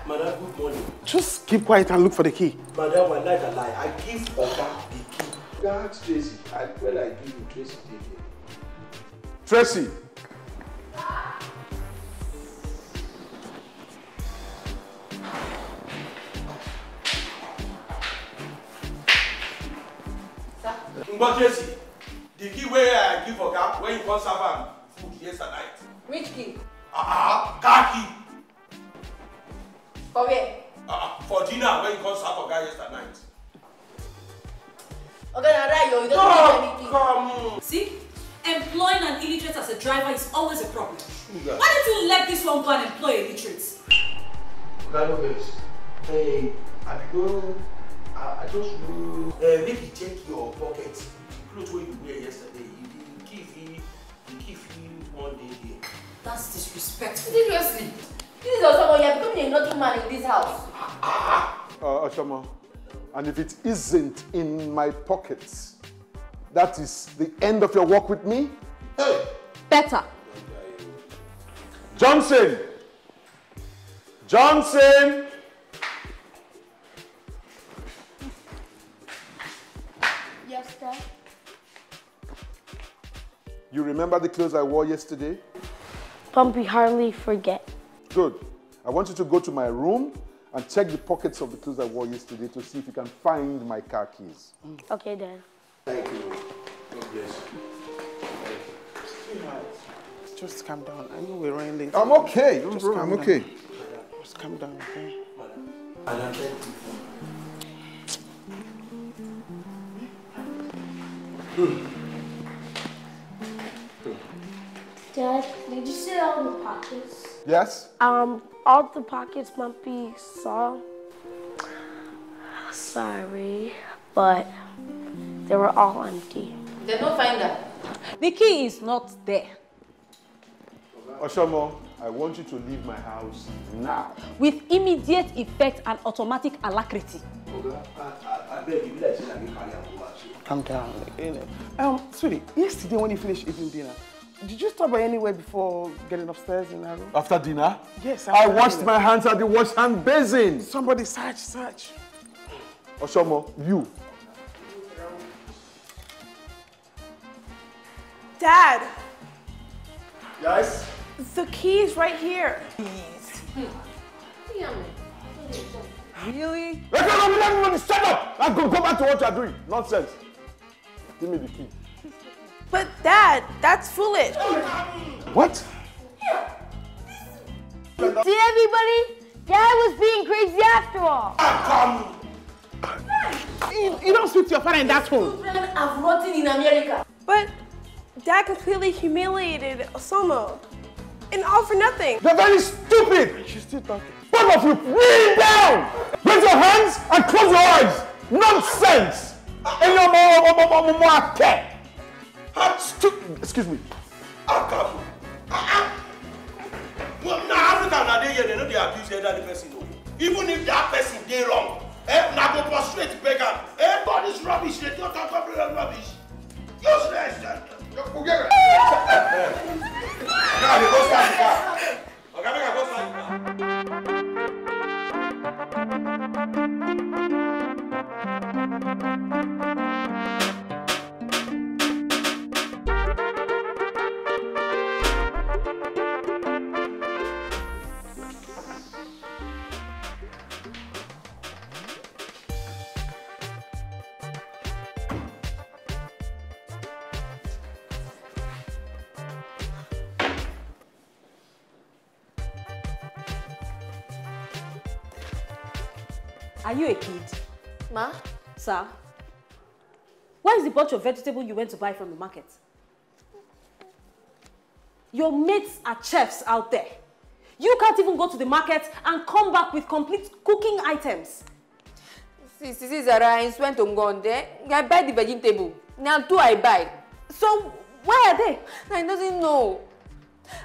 Madam, good morning. Just keep quiet and look for the key. Madam, I like a lie. I give Oga the key. That's Tracy. I, well, I give you Tracy the key. Tracy. Ngbo Tracy, the key wey I give Oga when you come serve am food yesterday night. Which key? Ah, uh -uh, car key. For where? Ah, uh, for dinner when you come serve guy yesterday night. Okay, na that you don't no, oh, give me Come. See? employing an illiterate as a driver is always a problem. Yeah. Why don't you let this one go and employ illiterates? Galovis, hey, Abigail, I, I just will. Uh, eh, make you check your pocket. Clothes where you wear yesterday, you give me. you give you one day here. That's disrespectful. Seriously? This is Osomo, you're becoming a naughty man in this house. Uh, Oshomo, and if it isn't in my pockets, That is the end of your work with me. Hey. Better. Johnson. Johnson. Yes, sir. You remember the clothes I wore yesterday? Pumpy hardly forget. Good. I want you to go to my room and check the pockets of the clothes I wore yesterday to see if you can find my car keys. Okay, then. Thank you. God bless you. Just calm down. I know we're running late. I'm okay. Don't Just worry. I'm down. okay. Just calm down, okay? Madam. Dad, did you see all the pockets? Yes. Um, all the pockets Mumpy saw. Sorry, but they were all empty. They don't find her. The key is not there. Oshomo, I want you to leave my house now. With immediate effect and automatic alacrity. Calm down. Um, sweetie, yesterday when you finished eating dinner, did you stop by anywhere before getting upstairs in room? After dinner? Yes. I washed dinner. my hands at the wash hand basin. Somebody search, search. Oshomo, you, Dad. Yes? The key is right here. Really? Let me, let me, shut up! I go, go back to what you're doing. Nonsense. Give me the key. But Dad, that's foolish. What? See everybody? Dad was being crazy after all. Ah, come. You, you don't speak your father in that home. Children have rotten in America. But Dad completely humiliated Osama. And all for nothing. You're very stupid! She's still talking. Both of you, kneel down! Raise your hands and close your eyes! Nonsense! Excuse me. Well, now African na dey here, they know they abuse other person Even if that person did wrong, eh, na go prostrate beg am. Eh, rubbish, they don't talk about rubbish. Useless. Eh? Por quê, cara? Cara, eu vou sair, cara. Cara, eu vou sair, cara. Are you a kid? Ma? Sir? Where is the bunch of vegetable you went to buy from the market? Your mates are chefs out there. You can't even go to the market and come back with complete cooking items. See, see, see, Zara, I went to go on there, I buy the vegetable. Now do I buy? So, where are they? I doesn't know.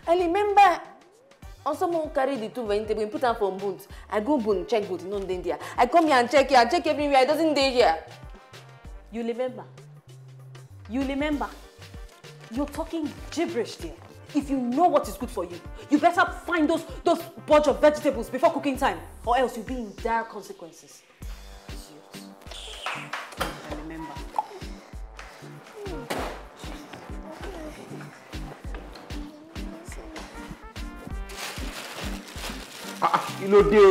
I remember or someone carry the two for interview and put am for boot i go boot check boot no dey there i come here and check here and check everywhere it doesn't dey here. you remember you remember you're talking gibberish there if you know what is good for you you better find those those bunch of vegetables before cooking time or else you'll be in dire consequences. kí ló dé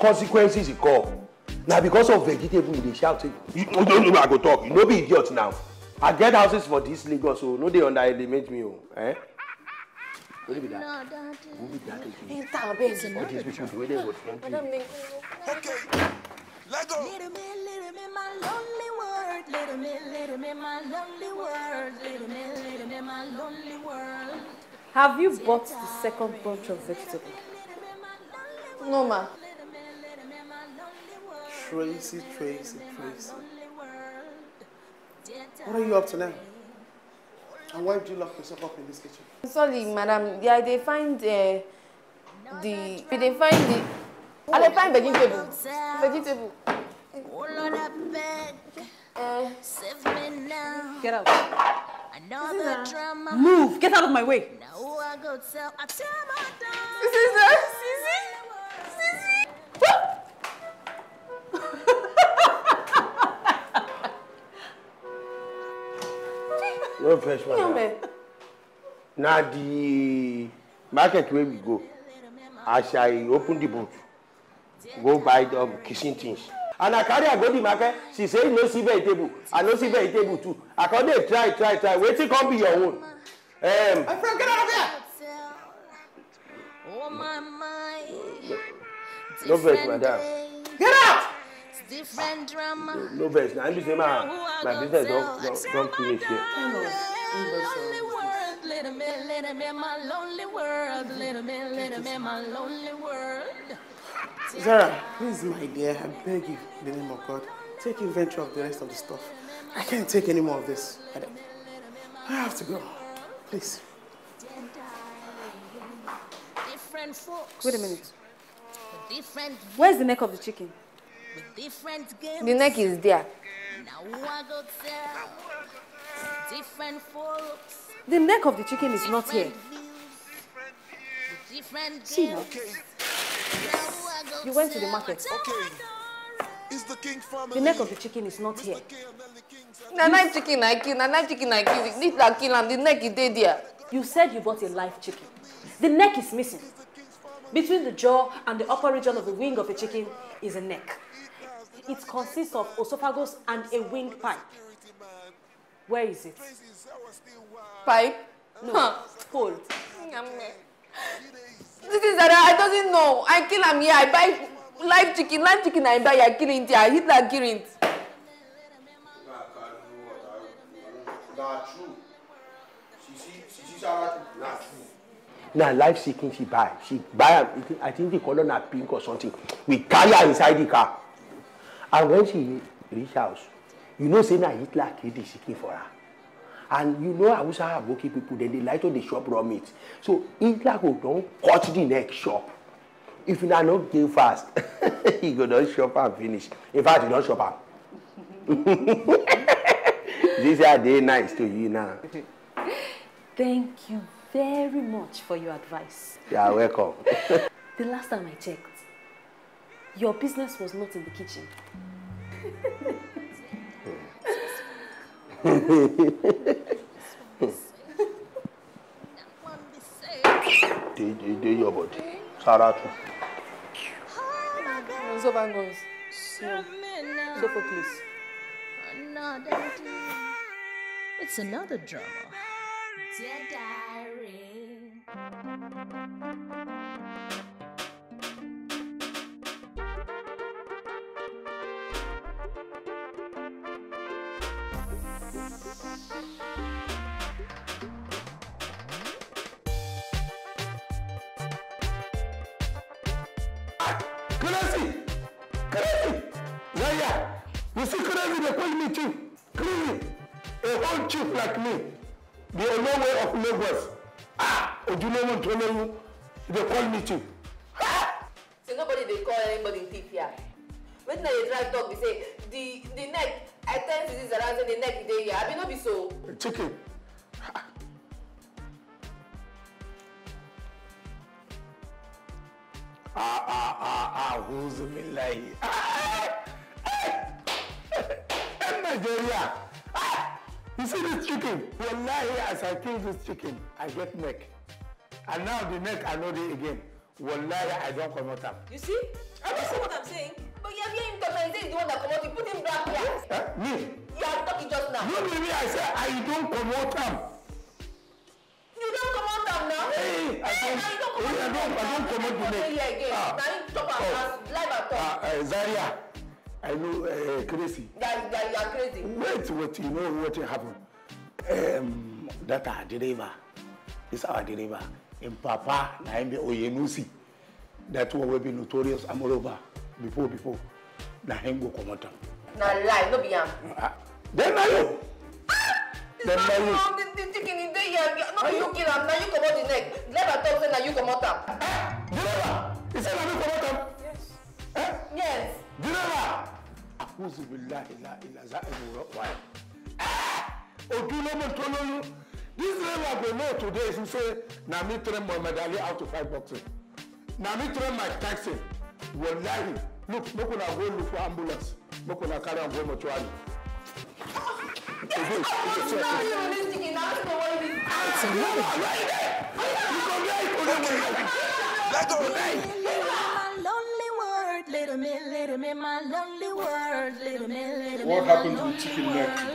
consequences kọ na because of vegetable you dey shout say you no know i go talk you no be idiot now i get houses for dis lagos so oh. no dey underestimate me o. Oh. Eh? What be No, Daddy. Have you bought the second bunch of vegetables? No, ma. Tracy, Tracy, Tracy. What are you up to now? And why do you lock yourself up in this kitchen? Sorry, madam. Yeah, they find uh, the... We they find the... Oh, I they find vegetable. Vegetable. Uh, eh. Save me Get out. Another drama. Move! Get out of my way! This is it. no fresh water Now the market where we go as i open the boot go buy the um, kitchen things and i carry a go the market she say no see table, i no see table too i come dey try try try Wait till come be your own. Um, my friend get out of here. no vex madam. different drum. No, no Now, I'm just saying, my, my business don't, don't, don't finish yet. little little my lonely world, little little my lonely world. Zara, please, my dear, I beg you, in the name of God, take inventory of the rest of the stuff. I can't take any more of this. I, I have to go. Please. Wait a minute. Where's the neck of the chicken? The neck is there. The neck of the chicken is not here. See now. You went to the market. Okay. The, the neck of the chicken is not here. Nana chicken I kill, nana chicken I kill. This I kill and the neck is dead there. You said you bought a live chicken. The neck is missing. Between the jaw and the upper region of the wing of a chicken is a neck. It consists of esophagus and a wing pipe. Where is it? Pipe? No, huh. hole. This is that I doesn't know. I kill am here. I buy live chicken. Live chicken I buy. I kill it here. I Hitler kill it. Na true. She she life seeking she buy she buy am i think the colour na pink or something we carry am inside the car And when she reach house, you know say na Hitler kill the chicken for her. And you know Hausa Aboki people, then they like to dey chop raw meat. So Hitler go don cut the neck chop. If una no dey fast, he go don chop am finish. In fact, he don chop am. This year dey nice to you now. Thank you very much for your advice. You are welcome. the last time I checked, Your business was not in the kitchen. Dey, dey, dey your body. Saratu. Zovangos. Sophocles. It's another drama. Dear diary. You see, currently they call me chief. Clearly, a whole chief like me, the Olowe of Lagos. Ah, Ojulowo Ntolowu, they call me chief. Ha! so nobody they call anybody thief here. When they drive dog, they say, the the neck, I tell ten disease around the neck day here. I Abi not be so. Chicken. Ah ah ah ah, who's in me like? Ah! Ah! Nigeria. Ah! You see this chicken? Well, Wallahi, as I kill this chicken, I get neck. And now the neck, I know it again. Wallahi, I don't come out up. You see? I don't see what I'm saying. But you have hearing him talk and he says he's the one that come out. You put him back here. Huh? Me? You are talking just now. You mean me? I said I don't come out up. You don't come out up now? Hey, I hey, don't. Hey, I don't come out up. I don't come out up. Now you talk about oh. live at all. Ah, eh, Zaria. I know uh, crazy. That, that you are crazy. Wait, wait, you know what happened? Um, that our deliver is our deliver. And Papa, Naimbe Oyenusi. That one will be notorious Amoroba before before. Naim go come Na lie, no be am. Ah, then na you. Ah, then na you. The chicken in there, yeah. No be you kill am. Na you come out the neck. Never talk say na you come out am. Eh? Deliver. He said na me come out am. Yes. Eh? Yes. Deliver àfúnṣubìlà ìlà ìlàzà ìwòrán wáyà. ojúlówó tó lóyún this level go know today if you say na me train Muhammad Ali how to fight boxing na me train Mike Tyson wallahi look make una go look for ambulance make una carry am go mortuary. Yes, I want to know you realistic enough to know what it is. It's a lie. You go there, you go there. Let go, let go. Little me, little me, my lonely world. Little me, little what me, happened to the chicken neck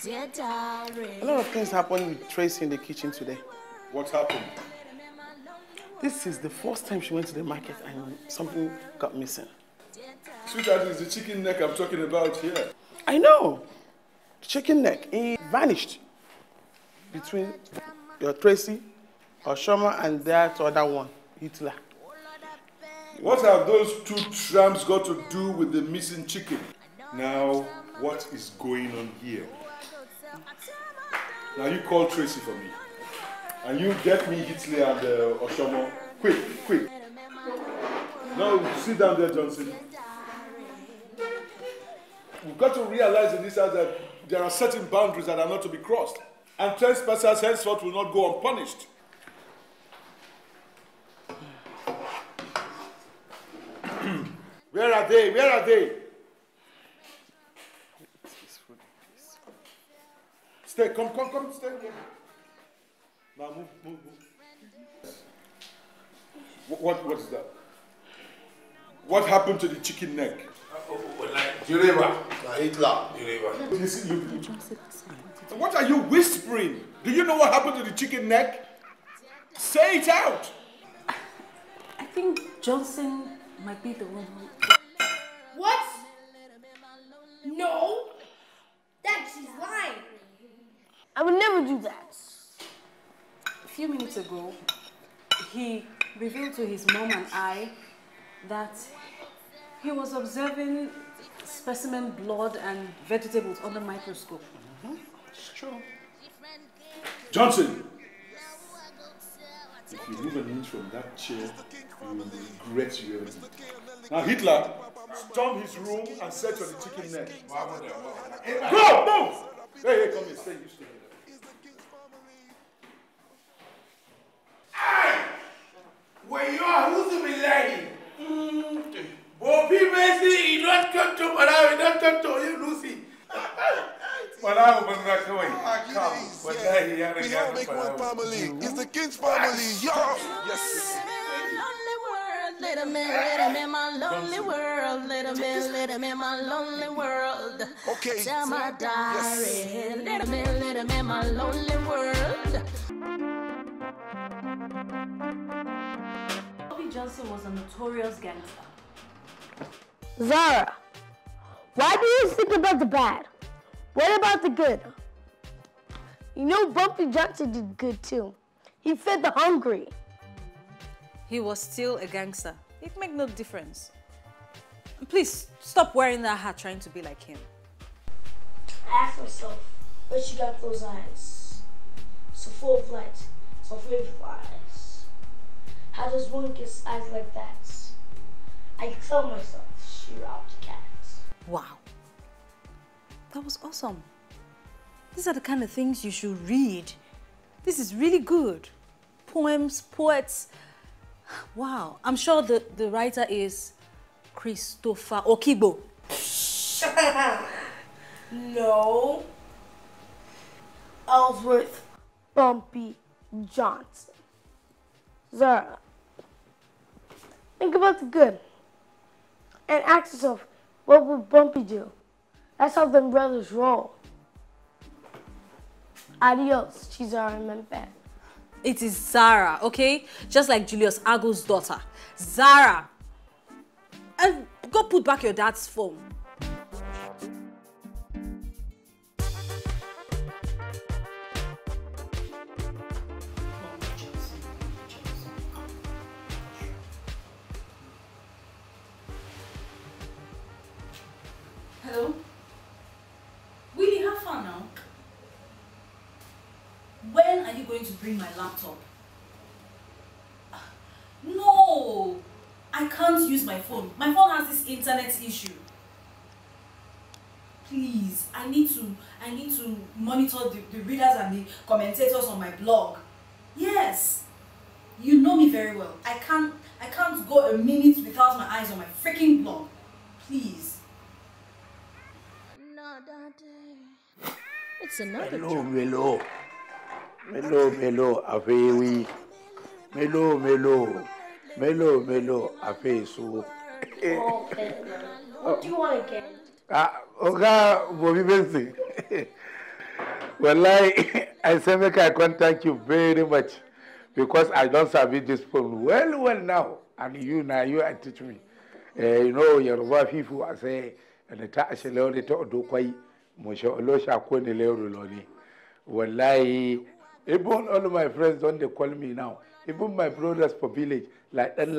today? A lot of things happened with Tracy in the kitchen today. What happened? This is the first time she went to the market and something got missing. Sweetheart, it's the chicken neck I'm talking about here. I know. The Chicken neck. It vanished between your Tracy, Oshoma, and that other one, Hitler. What have those two tramps got to do with the missing chicken? Now, what is going on here? Now you call Tracy for me. And you get me Hitler and uh, Oshomo. Quick, quick. Now sit down there, Johnson. We've got to realize in this house that there are certain boundaries that are not to be crossed. And trespassers henceforth will not go unpunished. Where are they? Where are they? Stay, come, come, come, stay. Now move, move, move. What, what, what is that? What happened to the chicken neck? Jureva. Hitler. Listen, you. What are you whispering? Do you know what happened to the chicken neck? Say it out. I think Johnson might be the one What? No! Dad, she's lying! I would never do that. A few minutes ago, he revealed to his mom and I that he was observing specimen blood and vegetables under microscope. Mm -hmm. It's true. Johnson! Yes. If you move an inch from that chair, regret you Now Hitler stormed his room and said to the chicken neck, Go, move! Hey, hey, come here, stay used to it. When you are Huzu Bin Laden, but people say you not come to Malawi, you don't come to you, Lucy. Malawi was not ah, coming. We don't make one family. It's the king's family, y'all. Yes let him in, let him in my lonely world. Let him in, let him in my lonely world. Okay. Tell my diary. Yes. Let in, my lonely world. Bobby Johnson was a notorious gangster. Zara, why do you think about the bad? What about the good? You know, Bumpy Johnson did good too. He fed the hungry he was still a gangster. It made no difference. Please, stop wearing that hat trying to be like him. I asked myself, but she got those eyes? So full of light, so full of eyes. How does one get eyes like that? I tell myself she robbed cats. Wow. That was awesome. These are the kind of things you should read. This is really good. Poems, poets, Wow. I'm sure the, the writer is Christopher Okibo. no. Ellsworth Bumpy Johnson. Zara, think about the good and ask yourself, what would Bumpy do? That's how them brothers roll. Adios, Chizara and Memphis. It is Zara, okay? Just like Julius Ago's daughter. Zara. And go put back your dad's phone. phone. My phone has this internet issue. Please, I need to I need to monitor the, the readers and the commentators on my blog. Yes. You know me very well. I can't I can't go a minute without my eyes on my freaking blog. Please. Another day. It's another Hello, job. Melo, Melo, Afewi. Melo, Melo. Melo, Melo, Afesu. Eh. What do you want again? Ah, Oga Bobby Benson. well, I, I say make I contact you very much because I don't sabi this phone well, well now. And you now, you are teach me. Uh, you know, Yoruba people, I say, and ta ashe leo ne ta odo kwai, mo sha olo sha ko ne leo lo ne. Wallahi, even all my friends don't they call me now. Even my brothers for village, like Dan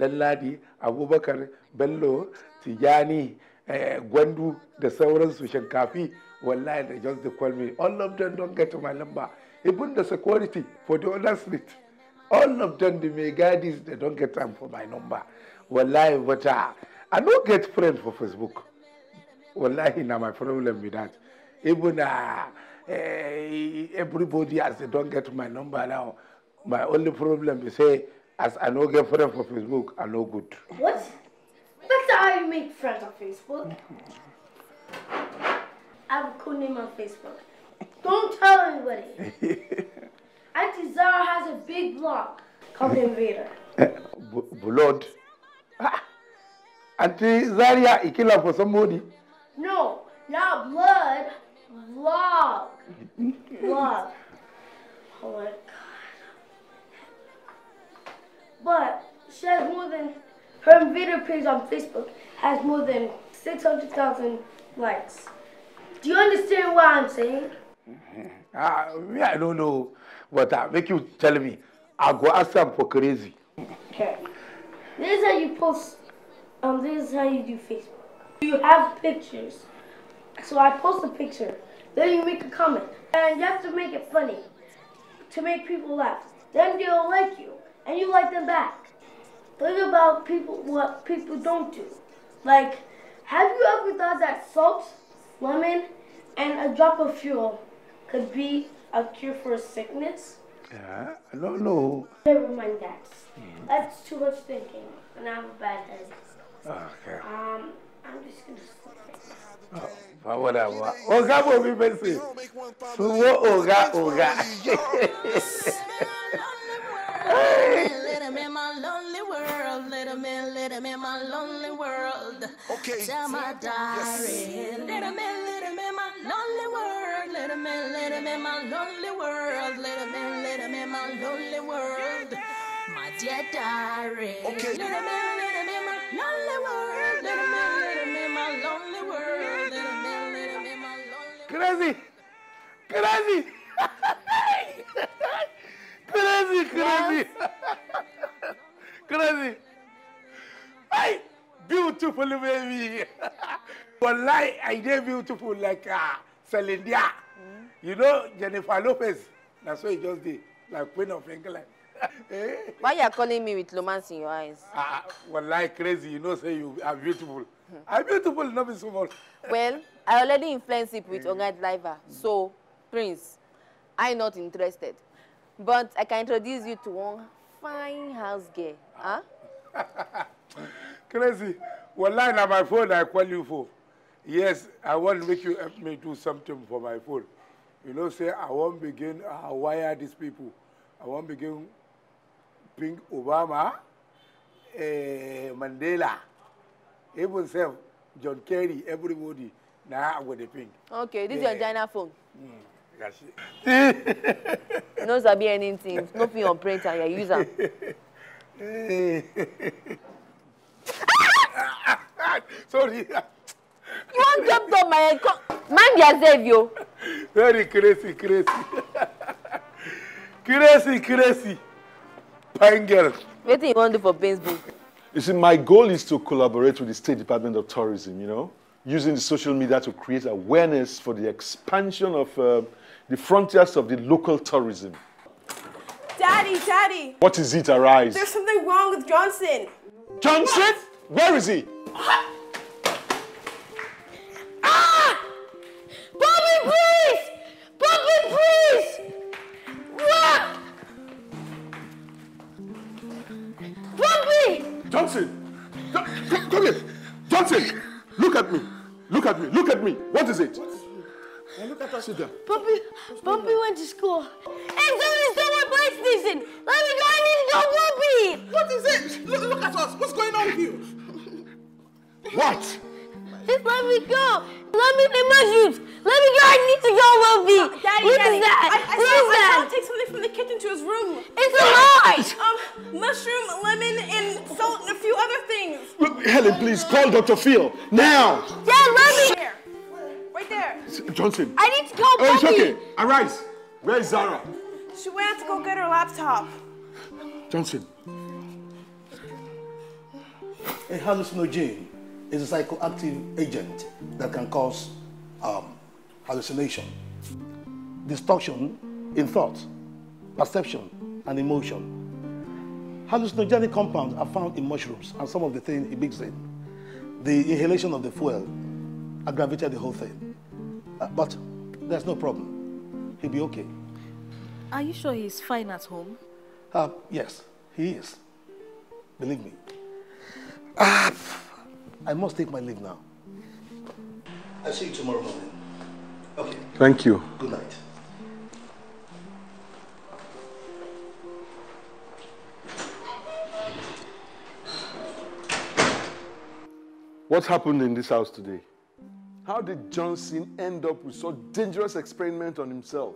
Ɗanladi, Abubakar, Bello, Tijani, eh, Gwandu da sauransu shinkafi wallahi they just they call me all of them don't get my number even the security for the other street all of them the megadis they don't get time for my number wallahi but uh, I don't get friends for Facebook wallahi now my problem with that even uh, everybody as they don't get my number now my only problem is say as I no get friends for Facebook, I no good. What? That's how you make friends on Facebook. I have a cool name on Facebook. Don't tell anybody. Auntie Zara has a big Come called Invader. Blood? Auntie Zaria, you kill her for somebody? No, not blood. Blood. Her video page on Facebook has more than 600,000 likes. Do you understand what I'm saying? Uh, me, I don't know, but I make you tell me. I'll go ask them for crazy. Okay. This is how you post, um, this is how you do Facebook. You have pictures. So I post a picture. Then you make a comment. And you have to make it funny to make people laugh. Then they'll like you, and you like them back. Think about people what people don't do. Like, have you ever thought that salt, lemon, and a drop of fuel could be a cure for sickness? Yeah, I don't know. Never mind that. Mm. That's too much thinking, and I have a bad head. Okay. Um, I'm just gonna stop it. Oh, whatever. Oga will So what? Oh, god, oh, god world, little man, little man, my lonely world. Okay. Tell my diary, yes. little man, little man, my lonely world, little man, little man, my lonely world, little man, little man, my lonely world. My dear diary, okay. little man, little man, my lonely world, little man, little man, my lonely world, little man, little man, my lonely. Crazy, crazy. crazy, crazy. Yes. crazy. Hey, beautiful baby. Wallahi, I dey beautiful like uh, Celine Dion. Mm. You know Jennifer Lopez. That's why e you just did like Queen of England. eh? Why you are calling me with romance in your eyes? Ah, wallahi crazy. You know say you are beautiful. Hmm. I'm beautiful, not be so much. well, I already in friendship with mm. Oga Driver, so Prince, I'm not interested. But I can introduce you to one fine house girl. Ah. Huh? Crazy. Well, line on my phone, I call you for. Yes, I want to make you help me do something for my phone. You know, say, I won't begin, uh, wire these people. I won't begin bring Obama, uh, Mandela, even self, John Kerry, everybody. Now I go to ping. Okay, this yeah. is your China phone. Mm. no sabi anything no be on print and your user. Sorry. You want to jump on my account. Mind yourself, yo. Very crazy, crazy. crazy, crazy. Pine girl. What do you want to do for Painsbook? You see, my goal is to collaborate with the State Department of Tourism, you know, using the social media to create awareness for the expansion of uh, the frontiers of the local tourism. Daddy, Daddy! What is it, Arise? There's something wrong with Johnson. Johnson? What? Where is he? ah! Bobby, please! Bobby, please! What? Bobby! Johnson! Jo come here! Johnson! Look at me! Look at me! Look at me! What is it? Now look at us. Sit down. Bumpy, Bumpy went to school. And so did someone PlayStation. Let me go. I need to go, Bumpy. What is it? Look, look at us. What's going on? What? Just let me go. Let me live my shoes. Let me go. I need to go, Wilby. Uh, Daddy, what Daddy. is that? I, I, what I, is I, that? I saw take something from the kitchen to his room. It's a lie. Um, mushroom, lemon, and salt, and a few other things. Helen, please call Dr. Phil now. Dad, let me. Here. Right there. Johnson. I need to go, Wilby. Oh, it's okay. Arise. Where is Zara? She went out to go get her laptop. Johnson. Hey, no hallucinogen is a psychoactive agent that can cause um, hallucination, distortion in thought, perception, and emotion. Hallucinogenic compounds are found in mushrooms and some of the things he mixes in. The inhalation of the fuel aggravated the whole thing. Uh, but there's no problem. He'll be okay. Are you sure he's fine at home? Uh, yes, he is. Believe me. Ah. I must take my leave now. I'll see you tomorrow morning. Okay. Thank you. Good night. What happened in this house today? How did Johnson end up with such dangerous experiment on himself?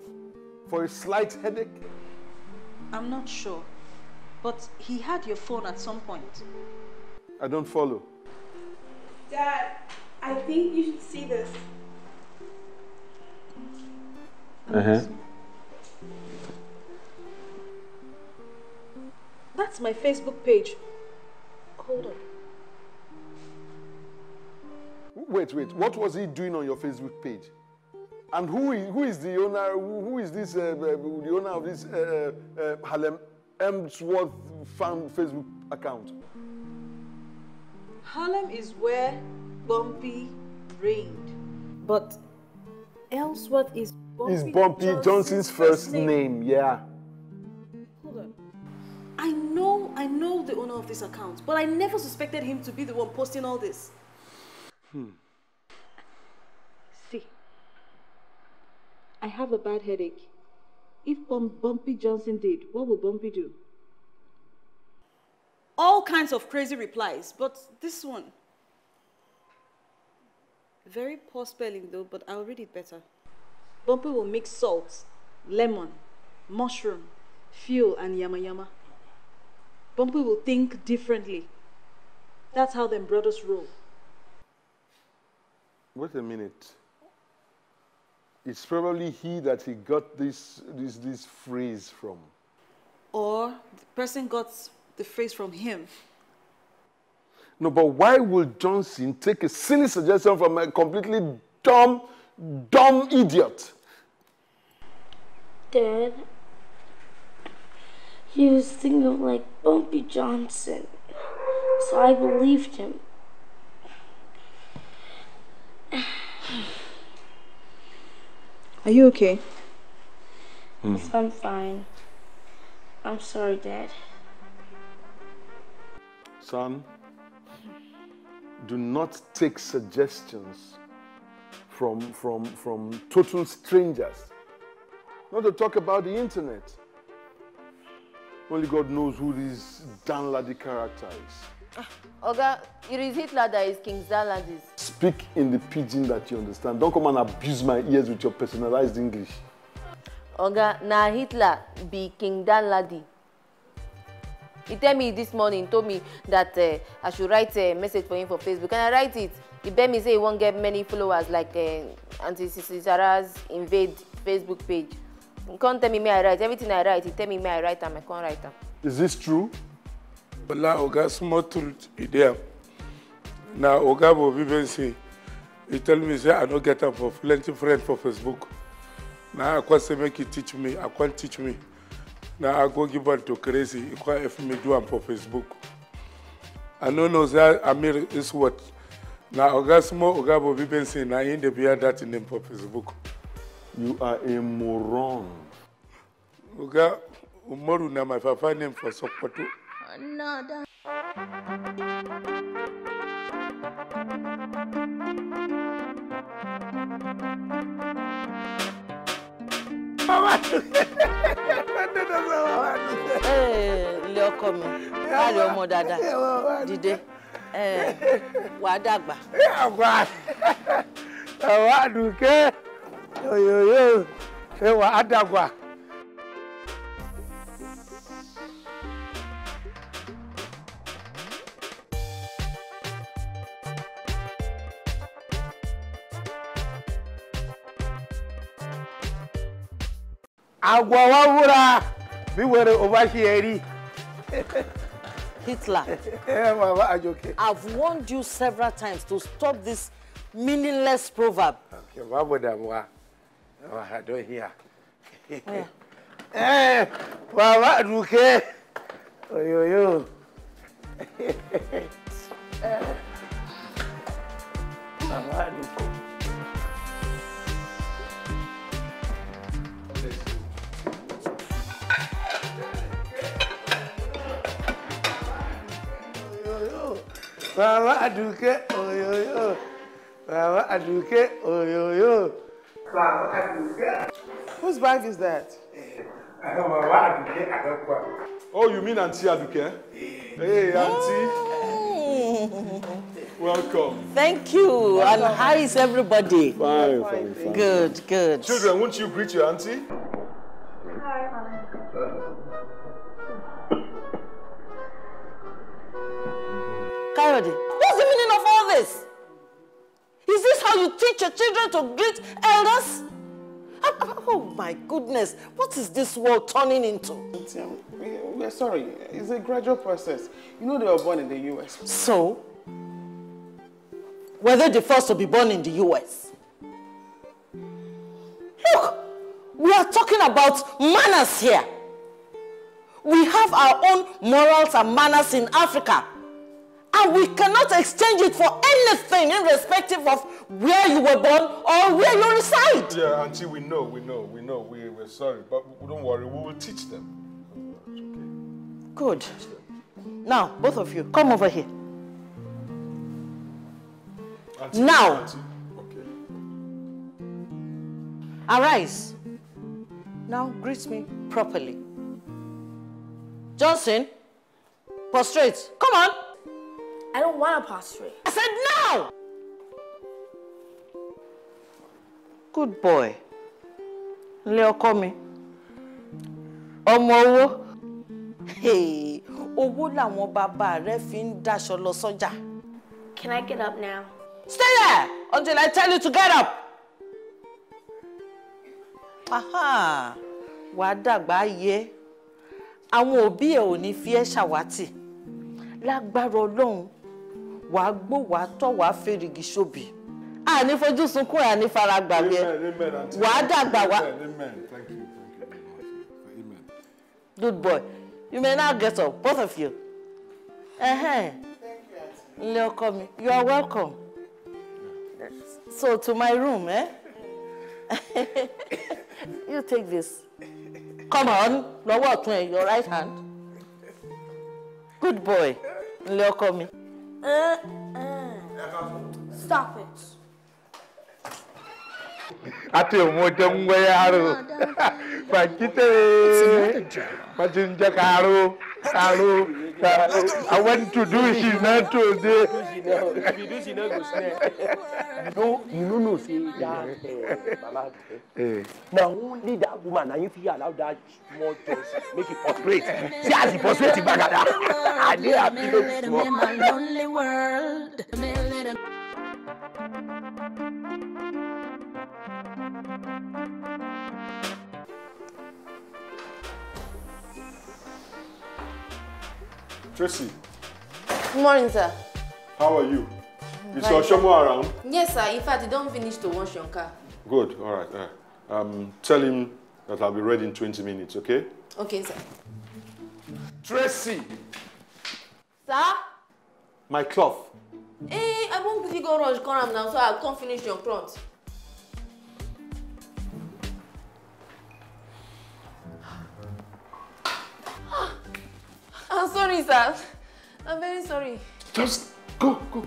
For a slight headache? I'm not sure. But he had your phone at some point. I don't follow. Dad, I think you should see this. Uh huh. That's my Facebook page. Hold on. Wait, wait. What was he doing on your Facebook page? And who is, who is the owner? Who is this? Uh, uh, the owner of this uh, uh, uh Emsworth fan Facebook account? Harlem is where Bumpy reigned. But Ellsworth is Bumpy, is Bumpy Johnson's, Johnson's first name. name, yeah. Hold on. I know, I know the owner of this account, but I never suspected him to be the one posting all this. Hmm. See, I have a bad headache. If Bum Bumpy Johnson did, what will Bumpy do? all kinds of crazy replies, but this one, very poor spelling though, but I'll read it better. Bumpy will mix salt, lemon, mushroom, fuel, and yama yama. Bumpy will think differently. That's how them brothers roll. Wait a minute. It's probably he that he got this, this, this phrase from. Or the person got the phrase from him. No, but why would Johnson take a silly suggestion from a completely dumb, dumb idiot? Dad, he was thinking of like Bumpy Johnson, so I believed him. Are you okay? Mm. I'm fine. I'm sorry, Dad. Son, do not take suggestions from, from, from total strangers. Not to talk about the internet. Only God knows who this Dan Ladi character is. Ah, Oga, it is Hitler that is King Zaladis. Speak in the pidgin that you understand. Don't come and abuse my ears with your personalized English. Oga, na Hitler be King Dan He tell me this morning, told me that uh, I should write a message for him for Facebook. And I write it. He beg me say he won't get many followers like uh, Auntie Sisara's invade Facebook page. He can't tell me me I write. Everything I write, he tell me me I write and I can't write them. Is this true? Bala Oga small truth is there. Now Oga will even say, he tell me say I no get up for plenty friends for Facebook. Now I can't say make you teach me. I can't teach me. na agogibantokracy ikwa me do am for facebook i know no know say amir iswat na oga small oga bobi benson na him dey bear dat name for facebook. you are a moron. oga umaru na my papa name for support Another. Thank you. Ee, eh, ọkọ mi láàrin ọmọ dada dìde eh, wà á dàgbà. àgọ̀ wa wúra bí wèrè ò bá ṣe ẹ rí. Hitler eh, I've warned you several times to stop this meaningless proverb. Yorùbá bò dààmú wa oh, I don't hear. Bàbá eh. eh, Dùkẹ́ oyoyo. Bàbá Dùkẹ́. Aduke, bàbá àdùkẹ́ òyòyò bàbá àdùkẹ́ yo. bàbá Aduke. whose bag is that. bàbá eh, Aduke Adokwa. oh you mean Auntie Aduke? hey oh. Auntie. Welcome. Thank you. And how is everybody? Fine, fine, fine. Good, good. Children, won't you greet your auntie? Hi, Auntie. Kayode, what's the meaning of all this? Is this how you teach your children to greet elders? Ah, ah, oh my goodness, what is this world turning into? We're sorry, it's a gradual process. You know they were born in the US. So? Were they the first to be born in the US? Look, we are talking about manners here. We have our own morals and manners in Africa. And we cannot exchange it for anything irrespective of where you were born or where you reside. Yeah, Auntie, we know, we know, we know, we, we're sorry. But don't worry, we will teach them. Okay. Good. Them. Now, both of you, come over here. Auntie, now. Auntie. Okay. Arise. Now greet me properly. Johnson, prostrate. Come on. I don't want to pass prostrate. I said no! Good boy. Ilé ọkọ mi. Ọmọ owó. Owó làwọn bàbá rẹ fi ń daṣọ lọ sọ́jà. Can I get up now? Stay there until I tell you to get up. Aha, wàá dàgbà ye. Àwọn òbí ẹ̀ ò ní fi ẹ́ ṣàwátì. Lágbára Ọlọ́run wàá gbó wàá tọ́ wàá fèrègì ṣòbì àní fojú sunkún ẹ̀ àní faragbà mi ẹ̀ wàá dàgbà wá. good boy you may now get up both of you. ilé ọkọ mi you are welcome so to my room eh? you take this come on lọ́wọ́ ọ̀tún ẹ̀ your right hand good boy ilé ọkọ mi. Stop it. a ce motan gwaya aro ba kita ne bacin jakaro Hello. I went to do she today. do. If you do she not go snare. No, you no know say that mama. Eh, eh. Now only that woman and if you allow that small choice make it prostrate. See as he prostrate bagada. back at that. I small. My lonely Thank you. Tracy. Good morning, sir. How are you? Is your shomo around? Yes, sir. In fact, he don't finish to wash your car. Good. All right. Uh, um, tell him that I'll be ready in 20 minutes, okay? Okay, sir. Tracy! Sir? My cloth. Eh, hey, I won't quickly go rush Coram now, so I'll come finish your cloth. Ah! I'm sorry, sir. I'm very sorry. Just go, go.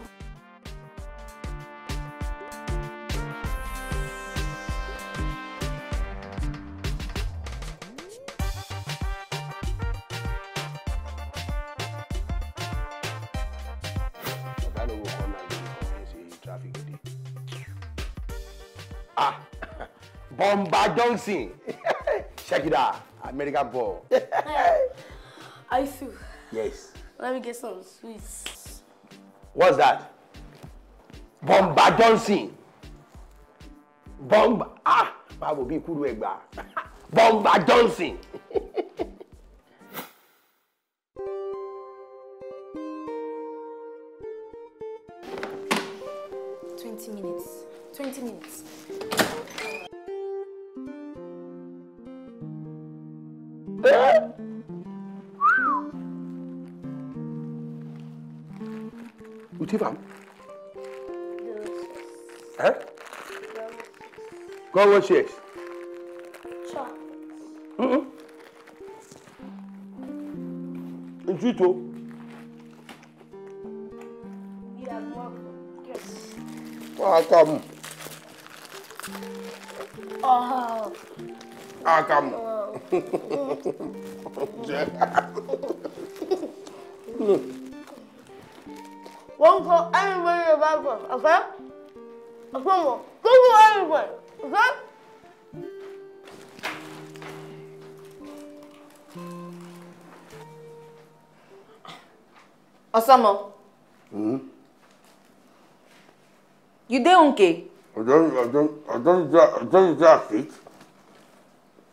Ah, Bomba Johnson. Check it out, American ball. feel. Yes. Let me get some sweets. What's that? Bomba Johnson. Bomba. Ah! Báwo bí ikú rẹ̀ gbà. Bomba Johnson. Twenty minutes. Twenty minutes. Cultivamos. Hã? Qual was yours? Chocolate. Oh. Oh. Mm -mm. Sweet o. Akamu. Oh. Akamu. Oh. Don't everybody anybody about this, okay? Grandma, Google everybody, okay? Osamo. hmm? You dey okay? I don't, I don't, I don't, I don't I don't.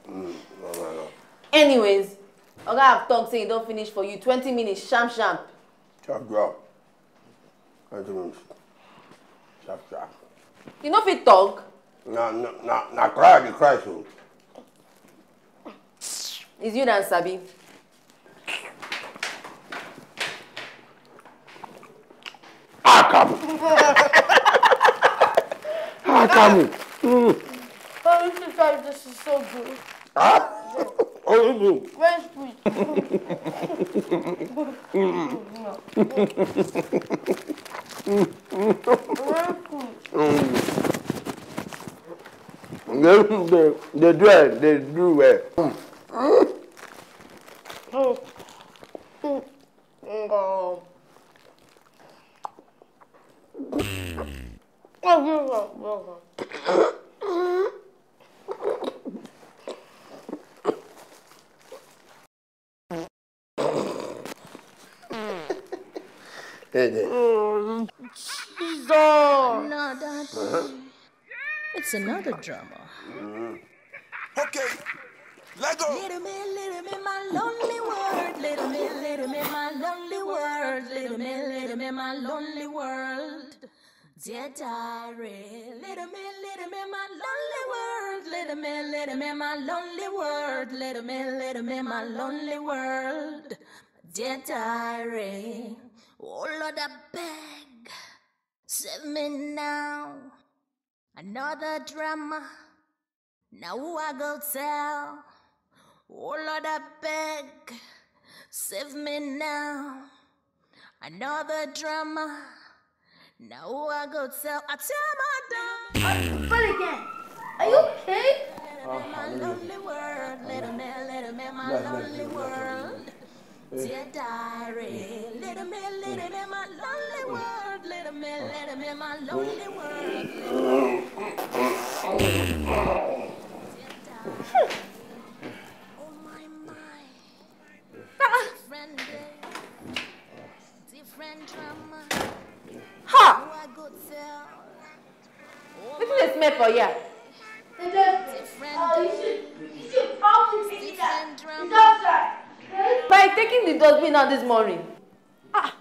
Mm, no, no, no. Anyways, Oga have talk say he don't finish for you 20 minutes, sham sham. Sham sham. Wait a Sharp, sharp. You no fit talk? Na na na na cry I cry so. Is you dan sabi? Ah, come. Akamu. Ah, mm. Oh, this is so good. Huh? Ah. Very sweet. they, they, they do it, they do it. Oh, ねえねえ。Oh, Jesus! No, Dad. Huh? It's another drama. Mm. Okay, let go. Little me, little me, my lonely world. Little me, little me, my lonely world. Little me, little me, my lonely world. Dear diary, little me, little me, my lonely world. Little me, little me, my lonely world. Little me, little me, my lonely world. Dear diary. Oh Lord, I beg, save me now. Another drama, now who I go tell? Oh Lord, I beg, save me now. Another drama, now who I go tell? I tell my dog. But again, are you okay? Oh, hallelujah. Little man, little man, little man, my lonely world. Dear diary, little me, little me, my lonely world, little me, little me, my lonely world. Oh my, my. Different different drama. Ha! Look at this map, yeah. oh, you should, you should probably pick it up. It's outside. By taking the dustbin out this morning. Ah!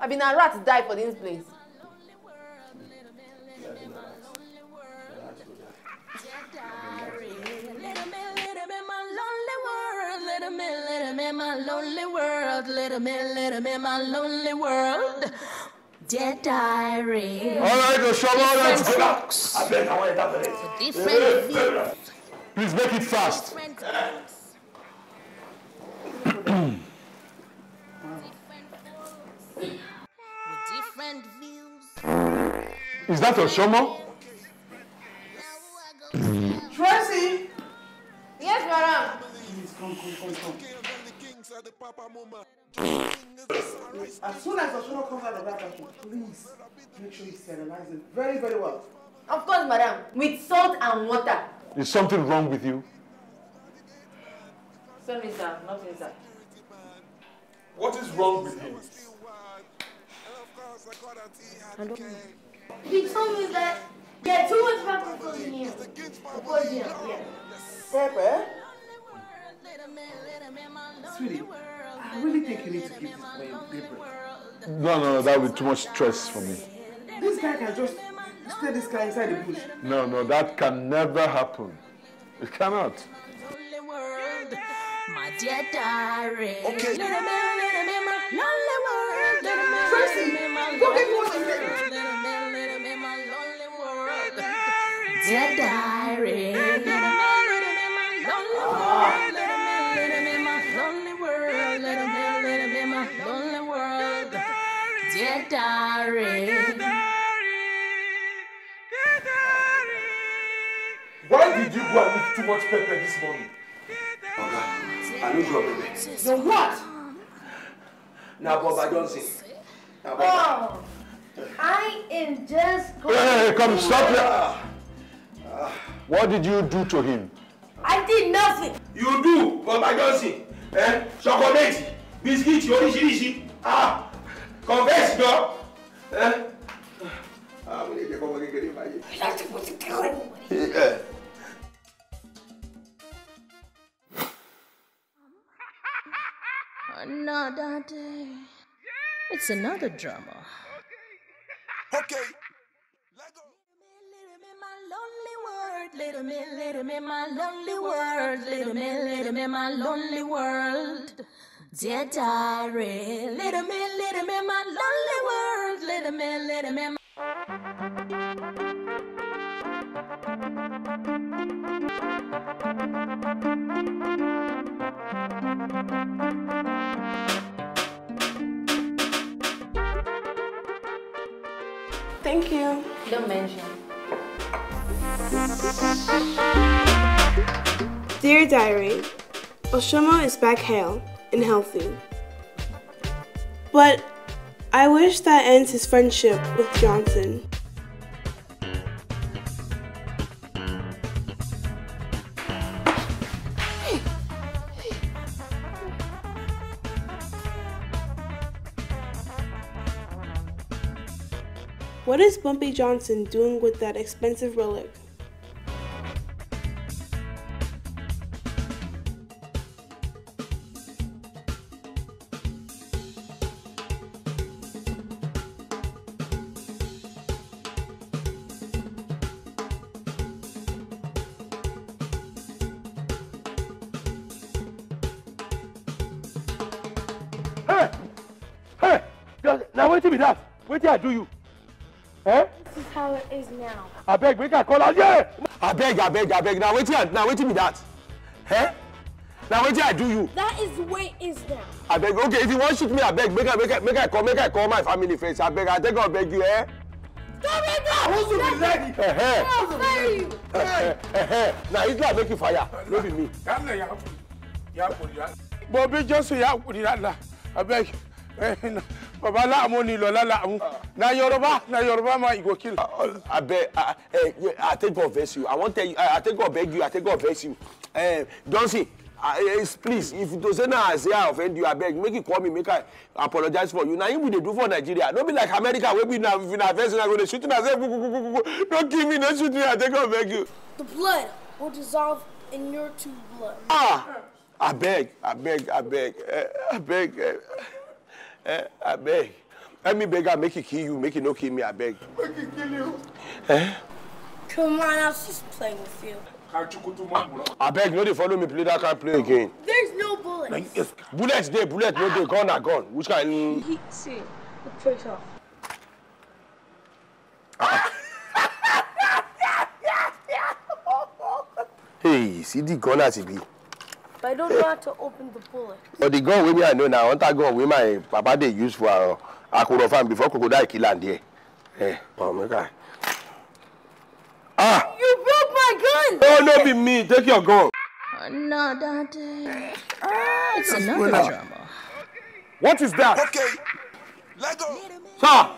I been a rat die for this place. little man, little man, my lonely world. Dead diary. All right, Oshawa, let's go I bet I Please make it fast. Is that your shomo? Tracy! Yes, madam. As soon as Oshomo comes out of that bathroom, please make sure you sterilize it very, very well. Of course, madam. With salt and water. Is something wrong with you? Sorry, sir. Nothing, sir. What is wrong with him? I don't know. He told me that had too much pepper poison you. Poison you, yeah. Pepper? Sweetie, I really think you need to give this man paper. No, no, no, that would be too much stress for me. This guy can just stay this guy inside the bush. No, no, that can never happen. It cannot. My dear diary. Okay. Tracy, go get more dear diary. Dear diary. Why did you go and eat too much pepper this morning? Oga, I no draw baby. So what? Na Boba Johnson. Na Boba. Oh, I am just going. Hey, come stop it. What did you do to him? I did nothing. You do, but I do Baba Johnson. Eh? Chocolate, biscuit, oríṣiríṣi. Ah, confess, no? Eh? Ah, we need to go get him. We have to get it down. Yeah. Another day. It's another drama. Okay. okay. word, little me, little me, my lonely world, little me, little me, my lonely world. Dear diary, little me, little me, my lonely world, little me, little me. My Thank you. Don't mention. Dear Diary, Oshomo is back hale and healthy. But I wish that ends his friendship with Johnson. What is Bumpy Johnson doing with that expensive relic? na wetin me that wetin i do you. Eh? This is how it is now. I beg, make I call out here. beg, I beg. Now wait wetin now wetin me that? Eh? Now wetin I do you? That is way is now. I beg, okay, if you wan shoot me, I beg, make I make I make I call make I call my family face. I beg, I take God beg you, eh? Stop it now! Who's to be Eh, eh. I'll fire you. Eh, eh. Now Islam make you fire. No be me. Come here, you You have have to. to. Yakuri. Yakuri. Bobi Johnson, Yakuri, I beg. Eh, baba laamu ni lọla laamu na yoruba na yoruba ma igbo kill. abeg i take god vex i wan tell you i take god beg you i johnson please if to say na say offend you abeg make you call me make i apologize for you na him we dey do for nigeria no be like america wey be na na vex una go dey shoot una say kukukukuku no kill me no shoot me i take god the blood will dissolve in your two blood. ah abeg abeg abeg abeg. Eh, uh, eh. abeg uh. Eh, I beg. Let me beg her, make it kill you, make it no kill me, I beg. Make it kill you. Eh? Come on, I was just playing with you. I beg, no, they follow me, play I can't play again. There's no bullets. Like, yes. Bullets there, bullets no, ah. they gone are gone. Which kind? He, see, the prick's off. Ah. hey, see the gun as it be. But I don't know how to open the bullet. But the gun wey me I know now. na hunter gun with my papa they use for uh, akoro farm before crocodile kill and there. Hey, eh, oh my God. Ah! You broke my gun! Oh, not be me. Take your gun. Another day. Ah, it's another drama. drama. What is that? Okay, let go. Sir!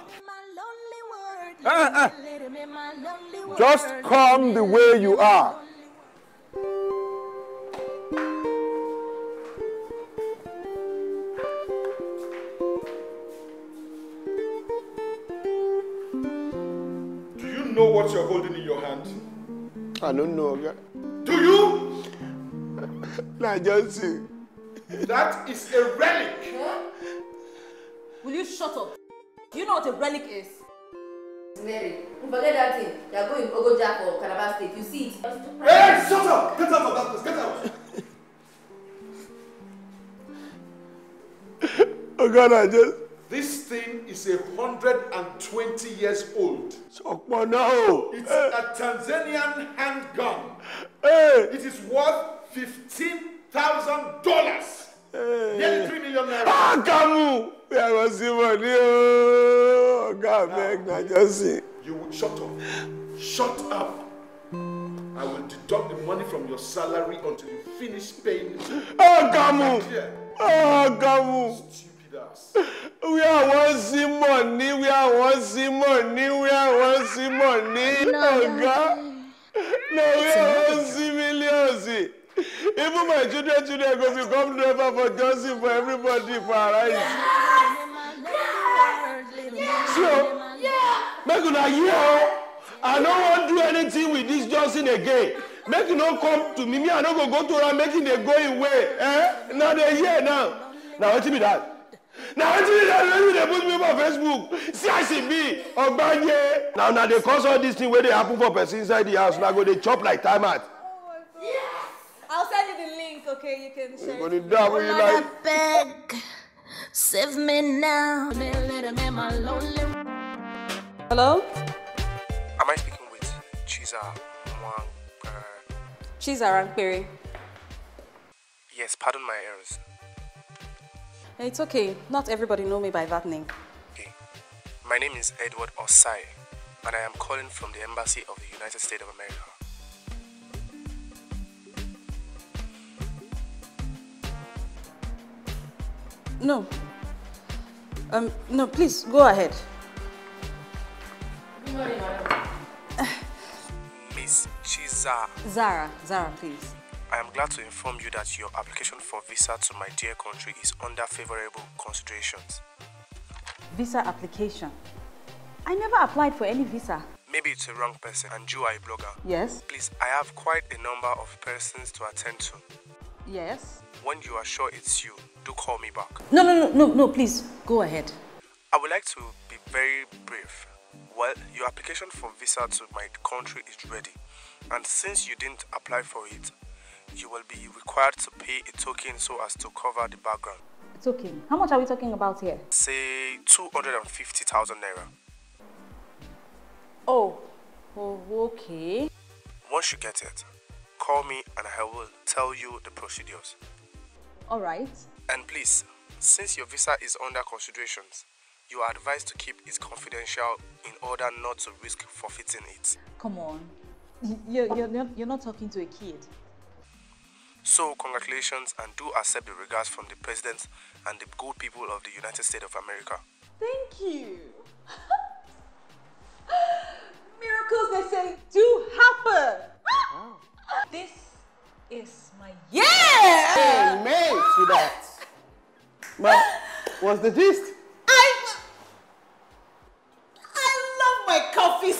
Eh, eh. Just come the way you are. know what you're holding in your hand? I don't know, Oga. Do you? nah, just see. That is a relic. Huh? Will you shut up? Do you know what a relic is? Mary, forget that thing. They are going Ogoja for Calabar State. You see it. Hey, shut up! Get out of that place! Get out! Oga, oh just... This thing is a hundred and twenty years old. It's a Tanzanian handgun. Eh. It is worth fifteen thousand dollars. Eh. Nearly three million naira. Ọ̀gá ah, mu! Ẹ̀rọ sí mọ̀ ní o. Ọ̀gá mi You will shut up. Shut up. I will deduct the money from your salary until you finish paying. Ọ̀gá mu! Ọ̀gá mu! wíwá wọn sí mọ̀ ní wíwá wọn sí mọ̀ ní wíwá wọn sí No, ní ọ̀gá lórí wọn sí mílíọ̀nsì. Even my children children go become driver for justice for everybody for our eyes. So, make una hear o. Oh. I no wan do anything with this Johnson again. Make you no come to me. Me I don't go go to am make you dey go away. Eh? Now they here now. Na wetin be that? na wetin you dey do you dey put me for facebook see as e be ogbanye na una dey cause all dis thing wey dey happen for person inside the house una go dey chop like timeout. yes i'll send you the link okay you can share. you go dey dab wey you like. Lord, I save me now. hello. am i speaking with chiza mwangpere. chiza rankpere. yes pardon my errors. It's okay. Not everybody know me by that name. Okay. My name is Edward Osai, and I am calling from the Embassy of the United States of America. No. Um, no, please, go ahead. Miss Chiza. Zara, Zara, please. I am glad to inform you that your application for visa to my dear country is under favorable considerations. Visa application? I never applied for any visa. Maybe it's a wrong person and you are a blogger. Yes. Please, I have quite a number of persons to attend to. Yes. When you are sure it's you, do call me back. No, no, no, no, no, please, go ahead. I would like to be very brief. Well, your application for visa to my country is ready. And since you didn't apply for it, you will be required to pay a token so as to cover the background. A token? How much are we talking about here? Say 250,000 naira. Oh, oh, okay. Once you get it, call me and I will tell you the procedures. All right. And please, since your visa is under considerations, you are advised to keep it confidential in order not to risk forfeiting it. Come on. You're, you're, you're not talking to a kid. So, congratulations and do accept the regards from the President and the good people of the United States of America. Thank you. Miracles, they say, do happen. Wow. This is my year. Amen to that. But what's the gist? I, I love my coffee